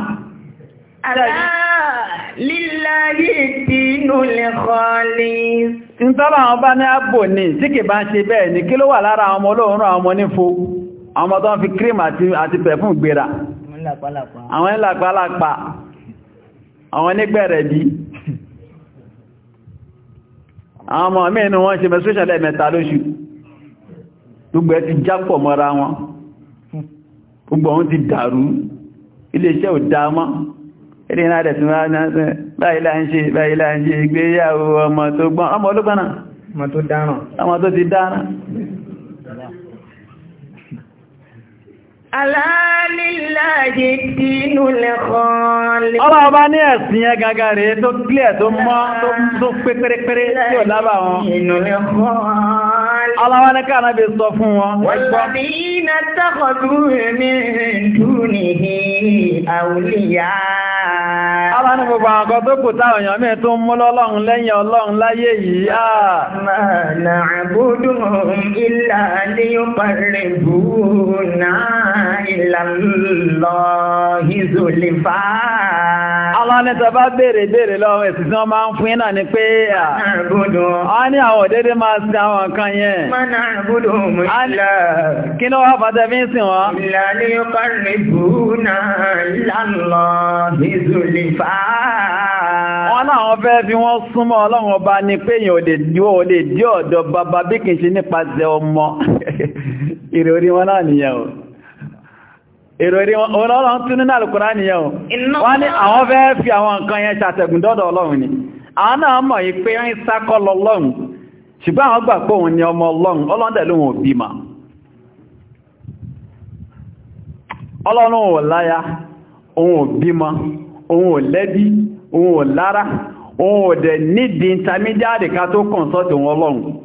àbá Líláyé ìdínú lè kọ́lé. Ń tọ́lá àwọn bá ní àbò ní tí kì bá ń ṣe bẹ́ẹ̀ ní kí ló wà lára àwọn ọmọ olóòrùn àwọn ọmọ nífo, àwọn ọmọ tó ń fi kírìm àti pẹ̀fún gbéra. Àwọn ńlàpálàpá. Àwọn nígbẹ̀rẹ̀ Àwọn ọmọ mẹ́rin wọ́n ṣe menstruation ti jápọ̀ mọ́ra wọn. Gbogbo ọ̀hún ti dàrú. Ilé iṣẹ́ eré náà rẹ̀ tí wọ́n báyìí láà ń ṣe báyìí láà ń ṣe ìgbéyàwó ọmọ tó gbọ́n ọmọ ológbọ́n ọmọ tó dáràn Aláàlélàyé dínú lẹ́kọ̀ọ́lẹ́. Ọlá ọba ní ẹ̀sìn yẹn gangan rẹ̀ tó kílẹ̀ tó mọ́ tó pé pérépéré tí ò lábà wọn. Dínú lẹ́kọ̀ọ́lẹ́. Aláwa ní káàná sọ fún wọn. Wọ́lọ́bí iná gbogbo àwọn kan tó kù táwọn èèyàn mí tó ń mú lọ́lọ́run lẹ́yìn ọlọ́run láyé yìí. Máa nà àbúdùn ìlà ní ó parẹ́ bùú náà. إلا الله زلفا Allah ní tọba béèrè béèrè lọ́wọ́ ẹ̀sì tí wọ́n máa ń fún iná ni pé a ní àwọn òdédé máa sí àwọn nǹkan yẹn. Mọ́nà àbúdó mú ìlà. Kí ló wá fàtẹ́ fi ń sìn wọ́n? Ìlà ní ó bá rí bùúnà lánàá ìzùlìfà. Wọ́n láwọn fẹ́ fi wọ́n súnmọ́ ọlọ́run ọba ni pé èèyàn ò lè dí ọ̀dọ̀ bàbá bí kìí ṣe nípasẹ̀ ọmọ. Ìròrí wọn náà nìyẹn èròrí ọlọ́run tún nínú àlùkùnrán nìyẹn wọ́n ní àwọn fẹ́ fi àwọn nǹkan yẹn ṣàtẹ̀gùn dọ́dọ̀ ọlọ́run ni àwọn náà mọ̀ yí pé ń sákọ́ lọ́lọ́run ṣùgbọ́n àwọn gbà pé òun ni ọmọ ma ma ọlọ́run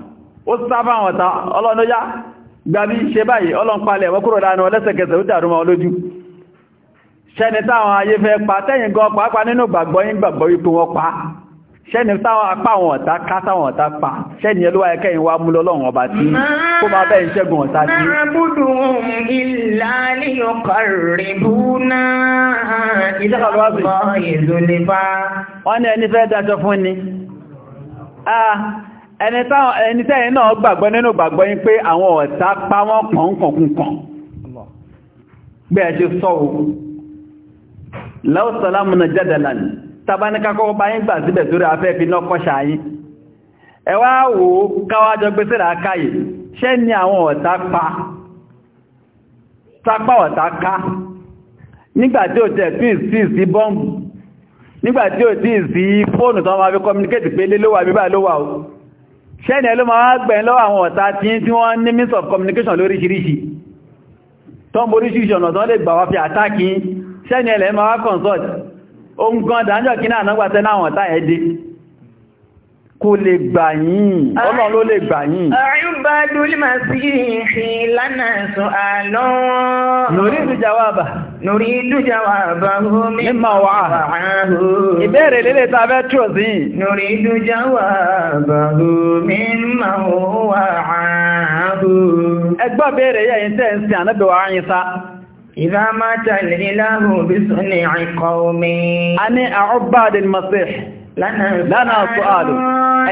ó sábà wọn ta ọlọ́nọ́yá gbàbí ṣe báyìí ọlọ́npalẹ̀ wọ́n kúrò dánú ọlẹ́sẹ̀kẹsẹ̀ ó dàrú wọn ṣẹni táwọn ayé fẹ́ pa tẹ́yìn gan pàápàá nínú gbàgbọ́ yín gbàgbọ́ wípé wọ́n pa ṣẹ́ni táwọn apá wọn ọ̀tá ẹni tẹ́yìn náà gbàgbọ́ nínú gbàgbọ́ yín pé àwọn ọ̀tá pa wọ́n kọ̀ọ̀kọ̀kùnkàn bẹ́ẹ̀ ṣe sọ́wọ́ láwọ́sọ̀lámù na jẹ́dẹ̀lá ní tàbáníkàkọ́ bá yín gbà síbẹ̀ sórí afẹ́ fi náà kọ́ṣà yín ẹ wá wò ó káwájọ gbé sílẹ̀ akáyè ṣẹ́ ni àwọn ọ̀tá pa sápá ọ̀tá ká nígbàtí ò tẹ̀ tí sí sí bọ́m̀bù nígbàtí ò tí sí fóònù ṣẹ́ni ẹlú máa gbẹ̀yìn lọ́wọ́ àwọn ọ̀tá tí tí wọ́n ní means of communication lóríṣiríṣi tó ń boríṣiríṣi ọ̀nà tó lè gbà wá fi àtàkì ṣẹ́ni ẹlẹ́ máa consult ohun gan dájọ́ kí náà nágbàtẹ́ náà wọ̀n táyẹ̀ kó lè gbà yín ọlọ́run ló lè gbà yín. àyùbá dúlímà sí ìhìn lánàá sọ àlọ́. nùrí ìdújà wà bà. nùrí ìdújà wà bà omi. wà. ìbéèrè lélẹ̀ tá fẹ́ إذا مات الإله بصنع قومي أنا عباد المسيح لنا لنا سؤال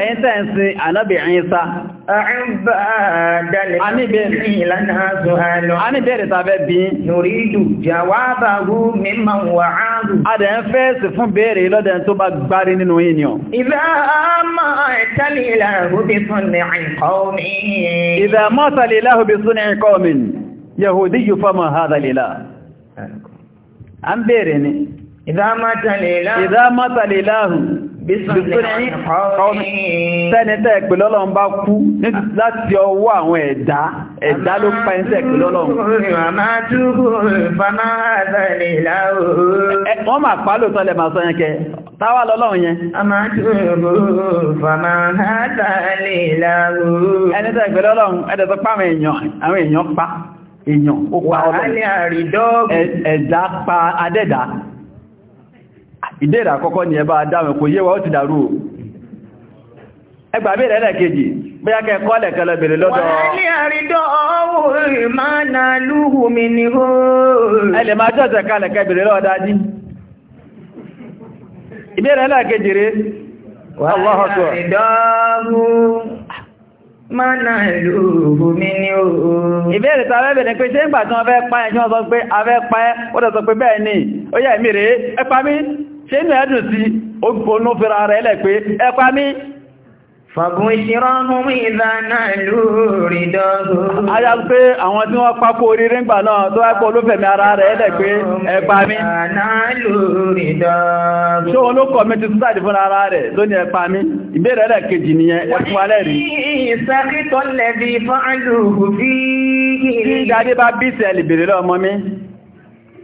أنت أنسي أنا بعيسى عباد المسيح لنا سؤال أنا بيري تابعي نريد جوابه ممن وعاد أنا فاس فم بيري لو دن تو بغباري نينو إذا مات الإله بصنع قومي إذا مات الإله بصنع قومي yahudi fama hadha lila an bere ne idha mata lila idha mata lilahu bá kú láti ọwọ́ àwọn ẹ̀dá ẹ̀dá ló pa ẹ̀sẹ̀ wọ́n máa pa máa sọ yẹn kẹ táwà lọ́lọ́run yẹn ẹ̀dẹ̀ tó èèyàn pa èèyàn ó pa ọlọ́run ẹ̀dá pa adẹ́dà ìdẹ́dà kọ́kọ́ ni ẹba dáwọn kò yíwa ó ti dàrú ẹgbà bí ìrẹ́lẹ̀ kejì bí a kẹ́kọ́ lẹ̀kẹ́lẹ̀ bèèrè lọ́dọ̀ ẹlẹ̀ máa jọ́jẹ̀ ká lẹ̀kẹ́ bèèrè lọ́dá jí ìbẹ̀rẹ̀ lẹ́kejì rí ma ìlú omi ní ooo. Ìbéèrè a abẹ́ bẹ̀rẹ̀ pé ṣé ń gbà tí wọ́n fẹ́ pa ẹ̀ ṣe wọ́n sọ pé mire pa ẹ́, ó dẹ̀ sọ pé bẹ́ẹ̀ ni, ó ẹ sí, ó gbónú fẹ́ra ẹ Fàbùnṣìrọ́hùn ìdáná lórí dọ́gùn. A yá pé àwọn tí wọ́n pápó oríire ń gbà náà tó wápọ̀ olófẹ̀mí ara rẹ̀ ẹ́dẹ̀ pé ẹ̀pà mi. Ìdáná lórí dọ́gùn. Ṣé wọn ló kọ̀ mi ti sútàdì fún ara rẹ̀ lónìí ẹ̀pà mi? Ìbéèrè rẹ̀ kejì nìyẹn ẹkùn alẹ́ rí. Ìsàkítọ̀ lẹ̀bi fọ́ọ̀lù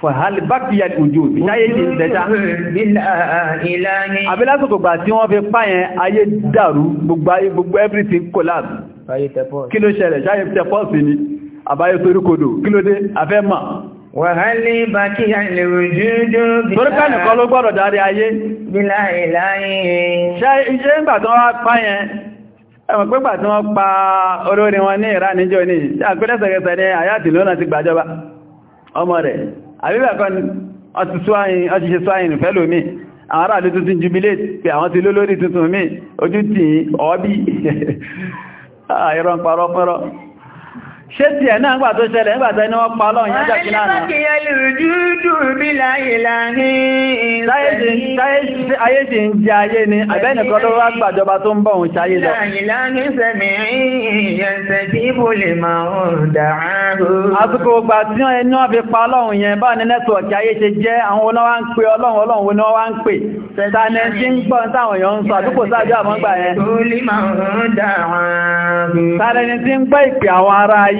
fọ̀hálì bá fi yàtì òjò ìtayé ti ń tẹ́ta. àbílásù kò gbà tí wọ́n fi páyẹn ayé dàrú gbogbo ayé gbogbo everything collapse. kí ló ṣẹlẹ̀ ṣáyé tẹ́pọ̀ sí ni àbáyé torí kodò kí ló dé afẹ́ mọ̀. wọ̀hálì bá kí yàtì òjò ìjọ bí i. torí ká nìkan ló gbọ́dọ̀ darí ayé. ṣe ń gbà tí wọ́n páyẹn ẹ̀wọ̀n pẹ́gbà tí wọ́n pa olórin wọn ní ìránijọ́ ní àpẹẹrẹsẹ̀kẹsẹ̀ ní àyàtì lónà ti gbàjọba ọmọ rẹ̀ àbíbẹ̀kọ́ ni wọ́n swain fẹ́lò mi àwọn ará àdútù ti jubilé pé àwọn ti lólórí tuntun mi ojú tí ọ̀ọ́bí àìrọ̀ ah, ń parọ́ ṣé tí ẹ̀ náà gbà tó ṣẹlẹ̀ nígbàtà iná wọ́n pa lọ́wọ́ ìyájá kí náà náà ayé ṣe ń jẹ ayé ni àbẹ́nìkan ló wá gbàjọba tó ń bọ̀ òun ṣayé lọ àsìkò gbà tí wọ́n ẹni wọ́n fi pa ọlọ́run yẹn bá ní nẹ́tíwọ̀kì ayé ṣe jẹ́ àwọn olówá ń pè ọlọ́run ọlọ́run ni wọ́n wá ń pè tàní tí ń gbọ́ táwọn èèyàn ń sọ àdúgbò sáájú àmọ́gbà yẹn tàní tí ń gbọ́ ìpè àwọn ará ayé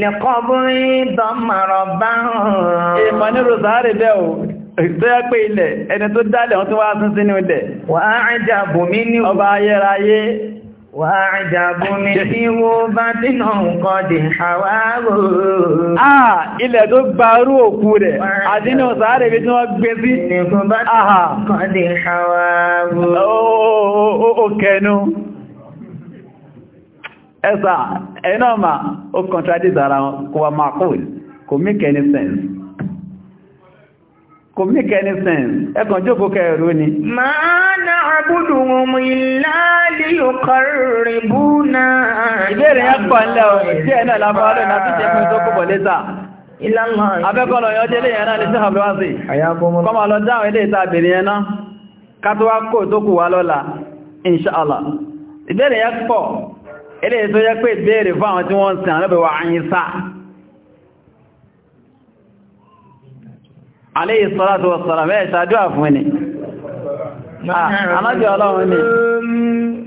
lẹ́kọ̀ọ́bùnrin dánmàrọ̀ bá hàn. Ìmọ̀ ní Rosari bẹ́ o, tó yẹ pé ilẹ̀, ẹni tó dálẹ̀ wọ́n tó wá sún sínú ilẹ̀. Wà á àjà bù mí ní ọba ayérayé. Wà á àjà bù mí ní wo bá dínà nǹkan dì àwárò. Ah, ilẹ̀ tó gbarú òkú rẹ̀, àti ní Rosari bí tí wọ́n gbé sí. Nìkan bá dínà nǹkan dì àwárò. Ó kẹnu ẹsà ẹ̀nà ọmọ ó contradict ara wọn kò wà máa kò make any sense kò make any sense ẹkàn jókòó kẹrù ni máa na àbúdù ọmọ ìlàlẹ̀ ọkọ̀rẹ̀ búnà ìbéèrè yẹn pọ̀ ńlẹ̀ díẹ̀ náà lábọ́ọ̀lẹ̀ náà tó jẹ́ fún ìtọ́kùbọ̀ lẹ́tà abẹ́kọ̀lọ̀ yọ́ délé yẹn náà lè sí àbúrásì kọmọ lọ dáwọn ilé ìta àbìnrin yẹn náà ká tó wá kò tó kù wá lọ́la inṣáàlá ìbéèrè yẹn pọ̀ eléyìí tó yẹ pé ìbéèrè fún àwọn tí wọ́n ń sin ànábì wa Ìsá alayhi salatu wa salam ẹ̀ ṣàdúrà fún ni ànábì ah, ọlọ́run ni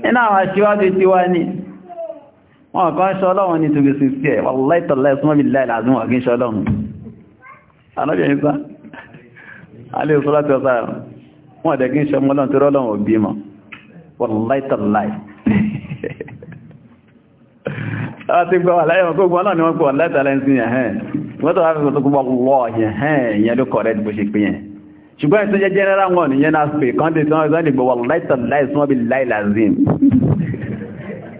iná àwọn aṣíwájú ti wá ní wọn kan ṣe ọlọ́run ní tó bí sí sí ẹ̀ wallahi tallahi súnmọ́ bí láì làzún wà kí àti gbọ́ aláyẹ̀wọ̀n tó gbọ́n náà ni wọ́n pọ̀ látàlẹ́ sí ẹ̀hẹ́n wọ́n tó wáfẹ́ tó gbọ́ wọ́ ẹ̀hẹ́n ìyẹn ló correct bó ṣe pín yẹn ṣùgbọ́n ìtọ́jẹ́ general wọn ìyẹn náà pè kọ́ndé tí wọ́n ìgbọ́ wọ́n látàlẹ́ sí wọ́n bí láìlázim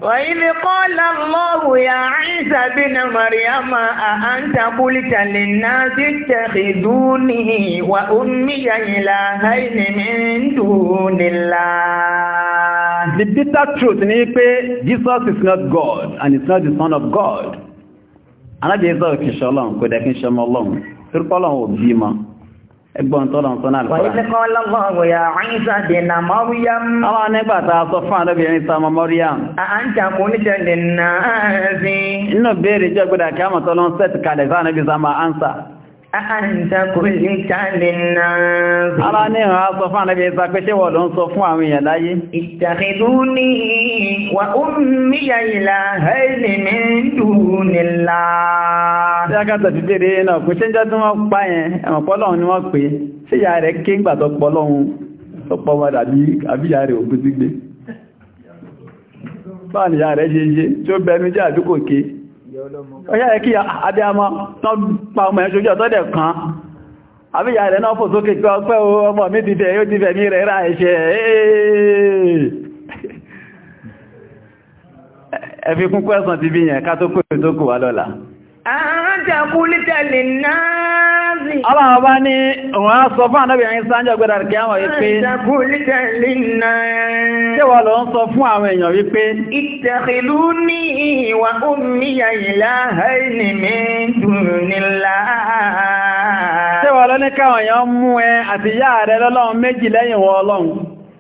وإذ قال الله يا عيسى بن مريم أأنت قلت للناس اتخذوني وأمي إلهين من دون الله The bitter truth ni pé Jesus is not God and is not the son of God. Alájẹ́ ìsọ́ òkè ṣọlọ́run kò dẹ̀kí ṣọmọ ọlọ́run, torípọ́ ọlọ́run ò bí mọ́ ẹgbọ́n tọ́lọ̀ tọ́nà àlùkọ́ wọ́n ti kọ́ lọ́gbọ̀n ya àìsà dènà mọ́ríyàm ọmọ nígbàtà sọ fún àdóbìnrin sọmọ mọ́ríyàm a ń Ara ní ìrìn àṣọ fún àrẹ́bí ìta pé ṣé wọ́n ló ń sọ fún àwọn èèyàn láyé. Ìtàkìdú ní wà ó míyà ìlà ẹ̀lì mẹ́jù nílá. Tí a kàtà ti dèrè náà kò ṣe ń jẹ́ tí wọ́n pa yẹn, ẹ̀wọ̀n pọ́lọ́run ni wọ́n pè é, ṣé ìyá rẹ̀ ké ń gbà tó pọ́lọ́run onye ẹ̀ kí abíamọ́ tán pa ọmọ ẹ̀ṣojú ọ̀tọ́dẹ̀ kan àbíyà rẹ̀ náà fò sókè pé ọpẹ́ ọmọ mi ti fẹ̀ yóò ti ka mí rẹ̀ rà ẹ̀ṣẹ̀ ẹ̀ẹ́ẹ̀ẹ́ Àájàkúlítà lè náàzì. Aláwọ̀ bá ní òun á sọ fún ànábì ẹ̀yìn sáájọ́ gbẹ́dà kí àwọn wípé. Àájàkúlítà lè náàzì. Ṣé wà lọ ń sọ fún àwọn èèyàn wípé? Ìtẹ̀kìlú ní ìwà omi àyìnlá ẹni mẹ́dùn nílá. Ṣé lọ ní káwọn èèyàn mú ẹ àti yáà rẹ lọ́lọ́run méjì lẹ́yìn wọ ọlọ́run?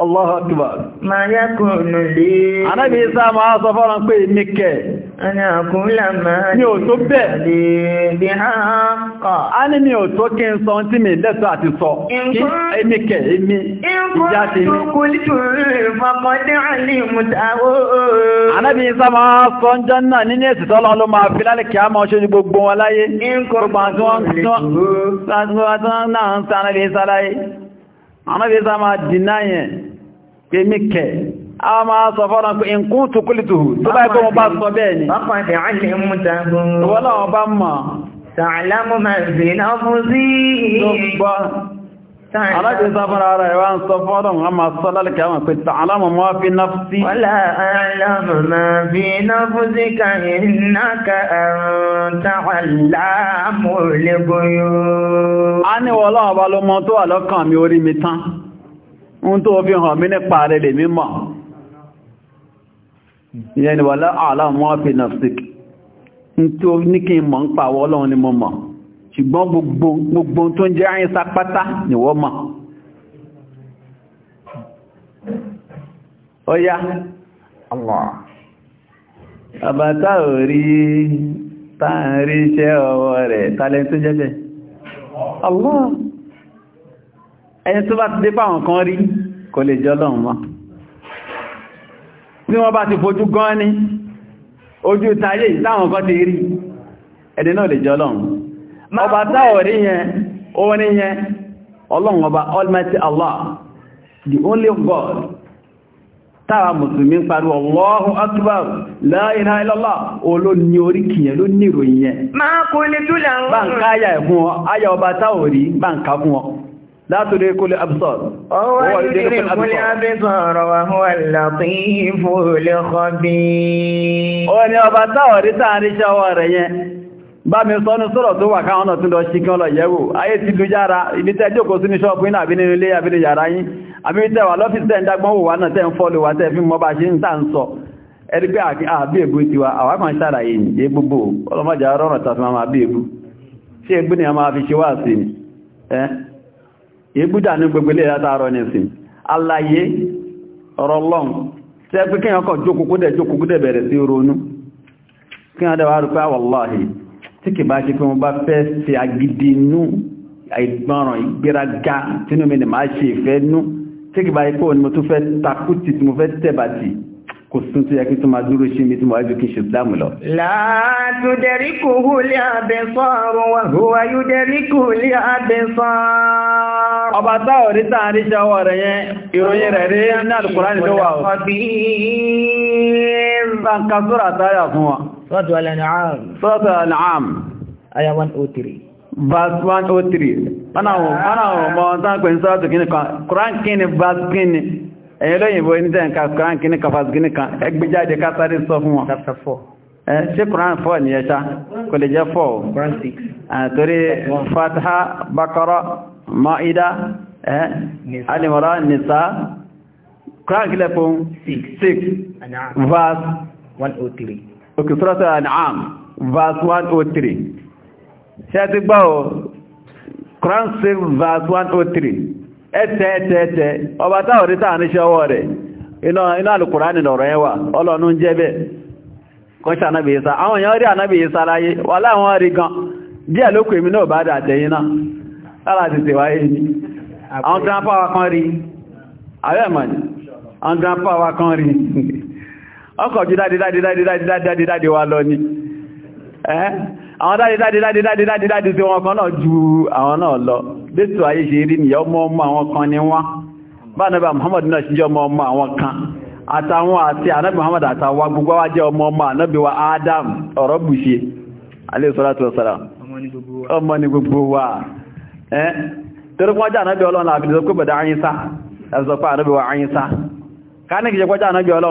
Allahu akbar. Ma yakunu li. Ànábì Isa mi Ana ma mi Bi A mi sọ tí mi lẹ́tọ̀ àti sọ. Kí èmi kẹ èmi ìyá ti mi. Ìkú tó faqad alimtahu. Ànábì Isa máa sọ ń jẹ́ náà nínú èsì fi a máa ṣojú gbogbo wọn láyé. Gbogbo àti wọn sa pé mí kẹ a máa sọ fọ́nà pé nǹkún tó kúlù tó tó bá ẹgbẹ́ wọn bá sọ bẹ́ẹ̀ ni wọ́n náà bá mọ̀ tààlámù máa zìnà fún sí ìgbọ́ Aláti sáfara ara ẹ̀wà ń sọ fọ́dọ̀ wọn máa sọ lálẹ́kẹ̀ àwọn pé tààlámù máa fi náà fún sí ká ń tó fi hàn mí nípa rẹ̀ lè mímọ̀ ìyẹn ni wà láàláàmú àfi nafsik ń tó ní kí n mọ̀ ń pa àwọ́ ọlọ́run ni mo mọ̀ ṣùgbọ́n gbogbo tó ń jẹ́ àyínsá pátá nìwọ́ mọ̀ ọya àbátá ò rí táà rí iṣẹ́ ọwọ́ rẹ̀ tálẹ́ tó jẹ́ bẹ́ẹ̀ Allah ẹni tó bá ti dé báwọn kan rí kò lè jọ lọ́run wọn tí wọ́n bá ti fojú gan ní ojú tayé ìtàwọn kan ti rí ẹni náà lè jọ lọ́run ọba yẹn ọlọ́run ọba almighty allah the only god mùsùlùmí ń pariwo ní ló ní ìròyìn yẹn máa kò lè túlẹ̀ àwọn ọ ọba rí لا تدرك الأبصار هو يدرك الأبصار وهو اللطيف الخبير وأن يبطأ رسان شواري bá mi sọ ní sọ́rọ̀ tó a tí lọ ṣíkán lọ yẹ̀wò ayé ti lú yára ibi tẹ́ jókòó sí ní ṣọ́ọ̀pù iná ní yàrá yín wà lọ́fíìsì tẹ́ ń dágbọ́n wò wá náà tẹ́ fi a ìbúdà ní gbogbo ilé látàrọ nìsìn aláyé ọ̀rọ̀lọ́n tí ẹ pé kí ọkọ̀ jókòkúdẹ̀ jókòkúdẹ̀ bẹ̀rẹ̀ sí ronú kí wọ́n dẹ̀wà rúpẹ́ àwọ̀láhì ah, tí kì bá ṣe pé wọ́n bá fẹ́ ṣe agidinú ni máa ṣe ìfẹ́ nú tí kò sún tó yẹ kí tó máa dúró ṣe mi tí mo wájú kí ṣe dáàmù lọ. láàtú dẹ̀ríkù hù lé abẹ́ sọ́ọ̀rùn wà hùwà yú dẹ̀ríkù lé abẹ́ sọ́ọ̀rùn. ọba tá ò rí tàn rí ṣọwọ́ rẹ̀ yẹn ìròyìn rẹ̀ sọ́ọ̀tù al-An'am. sọ́ọ̀tù al verse one oh ẹ̀yin lóyìnbó ní tẹ́ nǹkan kran kìíní kan fásitì kìíní kan ẹgbẹ́ jáde ká sáré sọ fún wọn ṣe kran 4 ni ẹ̀ṣá kò lè jẹ́ 4 torí fatiha bakara ma'ida alimora nisa kran kílẹ̀ fún 6 verse 103 òkè sọ́rọ̀sọ́ an'am verse 103 ṣe ti gbá o kran 6 verse 103 ẹ̀tẹ̀ ẹ̀tẹ̀ ẹ̀tẹ̀ ọba táwọn rí táà níṣẹ́ ọwọ́ rẹ̀ iná alùkùránì lọ̀rọ̀ ẹwà ọlọ́nu ń jẹ́ bẹ́ẹ̀ kọ́ṣẹ́ anábì Ìsá àwọn èèyàn rí láyé wà láwọn rí gan díẹ̀ lókù èmi náà bá dà náà àwọn dáadáadáadáadáadáadáa tí wọn kan náà ju àwọn náà lọ lẹ́tọ̀ ayé ṣe rí nìyà ọmọ ọmọ àwọn kan ní wọ́n bá náà Muhammad náà ṣíjọ ọmọ ọmọ àwọn kan àtàwọn àti anábì Muhammad àtàwà gbogbo awa ọmọ ọmọ anábì wa Adam ọ̀rọ̀ bùṣe alayhi ni gbogbo wa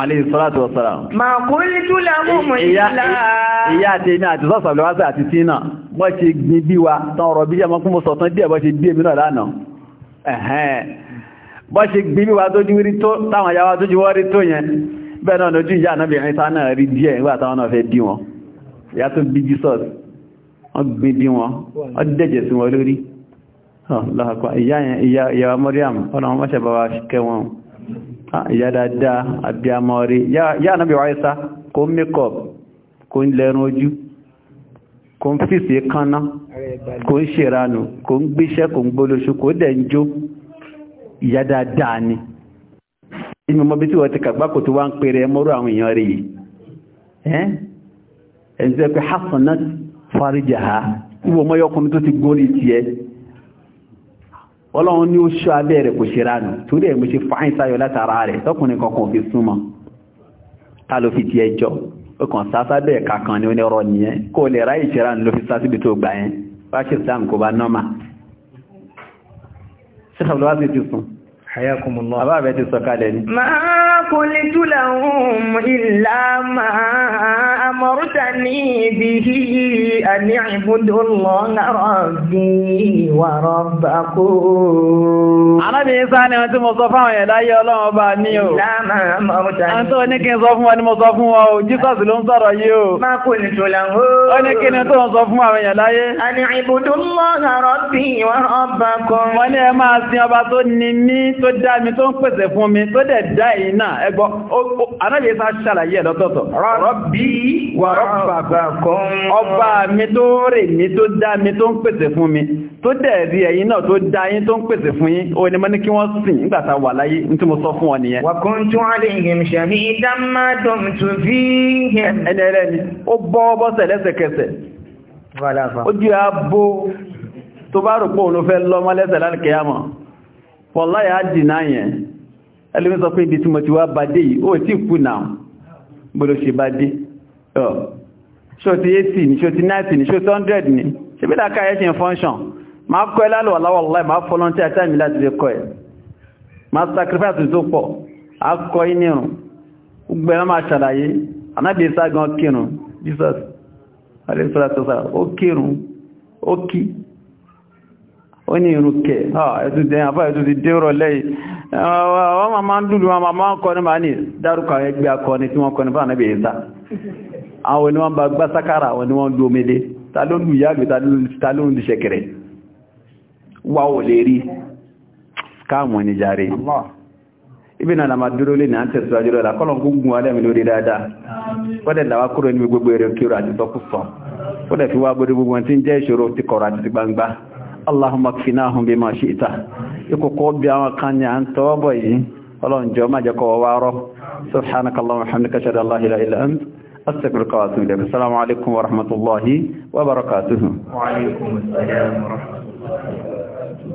alayhi salatu wa salam. ma qultu lahum illa. ìyá àti iná àti sọ́sọ̀lọ́ wáṣà àti tínà wọ́n ti gbin bí wa tán ọ̀rọ̀ bí jẹ́mọ́ kún mo sọ̀tán díẹ̀ bọ́ ṣe bí èmi náà lánàá ẹ̀hẹ́n bọ́ ṣe gbin bí wa tójú rí tó táwọn ayáwá tójú wọ́n rí tó yẹn bẹ́ẹ̀ náà lójú ìyá náà bìnrin sá náà rí díẹ̀ nígbà táwọn náà fẹ́ bí wọn ìyá tó bí jesus wọ́n gbin bí ìyá dáadáa abiyamọ rí yá ànábì wáyé sá kó makeup kó ń lẹ́rún ojú kò ń fìsì kánná kò ń ṣèrànù kò ń gbíṣẹ́ kò ń gbólóṣù kò dẹ̀ ń jó ìyá dáadáa ni inú mọ́bí tí wọ́n ti kàgbá kò tó wá ń pèrè ẹmọ́rú àwọn èèyàn rí yìí ẹ́n ẹ̀ǹtẹ́ pé hasanat farijaha ìwọ̀n mọ́yọkùnrin tó ti gbórí tiẹ̀ ọlọ́run ní ó ṣọ abẹ́ rẹ̀ kò ṣe ránù torí ẹ̀ mo ṣe fáyín sáyọ látara rẹ̀ tọkùnrin kankan fi súnmọ́ ta ló fi ti ẹjọ́ ó kàn sáásá bẹ́ẹ̀ kankan ní onírọ̀ nìyẹn kó lè ráyè ṣe ránù ló fi sá síbi tó gbà yẹn wáṣẹ́ islam kò bá nọ́mà ṣé kàbílọ́wá sì ti sùn Hayakumullah. Àbá àbẹ́ ti sọ̀kalẹ̀ ní. Máa kò lè túlà ohun ìlà máa mọ̀rúta ní ibi yìí àní àìbúdó lọ lárọ̀ bí wà rọ̀bà kó. Ànábì Ìsá ni wọ́n tí mo sọ fáwọn ẹ̀dá yẹ ọlọ́run ọba ní o. Ìlà máa mọ̀rúta ní. Àǹtọ́ ní kí n sọ fún wa ni mo sọ fún wa o. Jesus ló ń sọ̀rọ̀ yìí o. Máa kò lè túlà ohun. Ó ní kí ni tó ń sọ fún àwọn èèyàn láyé. Àní àìbúdó lọ lárọ̀ bí wà rọ̀bà kó. Wọ́n ní ẹ máa sin ọba tó ní mí tó dá mi tó ń pèsè fún mi tó dẹ̀ dá èyí náà ẹgbọ́ anábìyẹsá ṣàlàyé ẹ̀lọ́tọ̀tọ̀ rọ́bí wà rọ́bàkọ́ ọba mi tó rè mi tó dá mi tó ń pèsè fún mi tó dẹ̀ rí ẹ̀yin náà tó dá yín tó ń pèsè fún yín ó ní mọ́ní kí wọ́n sìn nígbà wà láyé ní tí mo sọ fún ọ nìyẹn. tó bá rò pé òun ló fẹ́ lọ́mọ lẹ́sẹ̀ lálùkẹ́yàmọ̀ wọ́láyà dìná yẹn ẹlùmí sọ pé ibi tí mo ti wá bá dé yìí ó tí kú náà gbọ́dọ̀ ṣe bá dé ṣòtí 80 ní ṣòtí 90 ní ṣòtí 100 ní ṣe bí dáká ẹ́ ṣe ń fọ́nṣàn ma kọ́ ẹ lálọ́ aláwọ̀láì ma fọ́lọ́n tí a tàbí láti lè kọ́ a kọ́ inírun gbẹ̀rẹ̀ ma ṣàlàyé anábì ságan kírun Jesus alẹ́sọ́lá tó sára ó kírun ó ní ìrùkẹ̀ ah, ẹ̀tù dẹ̀ àfá ẹ̀tù ti dé rọ̀lẹ́ yìí ah, wọ́n ma máa ń dúdú wọn ma máa ń kọni ma ní dárúkà ẹgbẹ́ akọni tí wọ́n kọni fún ànábì ìsá àwọn ni wọ́n bá gbá sákàrà àwọn ni wọ́n dómele ta ló lù yàgbé ta ló lù ṣẹ̀kẹ̀rẹ̀ wà ò lè rí káàmù ní jàre ibi náà ma dúró lè ní à ń tẹ̀síwájú lọ́la kọ́lọ̀ gúngun alẹ́mi lórí dáadáa fọ́dẹ̀ làwá kúrò ní gbogbo èrè kí ó rà ti sọ́kù sọ fọ́dẹ̀ fi wá gbogbo tí ń jẹ́ ìṣòro ti kọ̀rọ̀ àti ti gbangba اللهم اكفناهم بما شئت يكوكو بيان كان انتو بوي ọlọ́run jọ máa jẹ́ kọwọ́ wárọ́ subhanakallahu wa hamdika ashhadu an la ilaha illa ant astaghfiruka wa atubu ilayk assalamu alaikum wa rahmatullahi wa barakatuh wa alaikum assalam wa rahmatullahi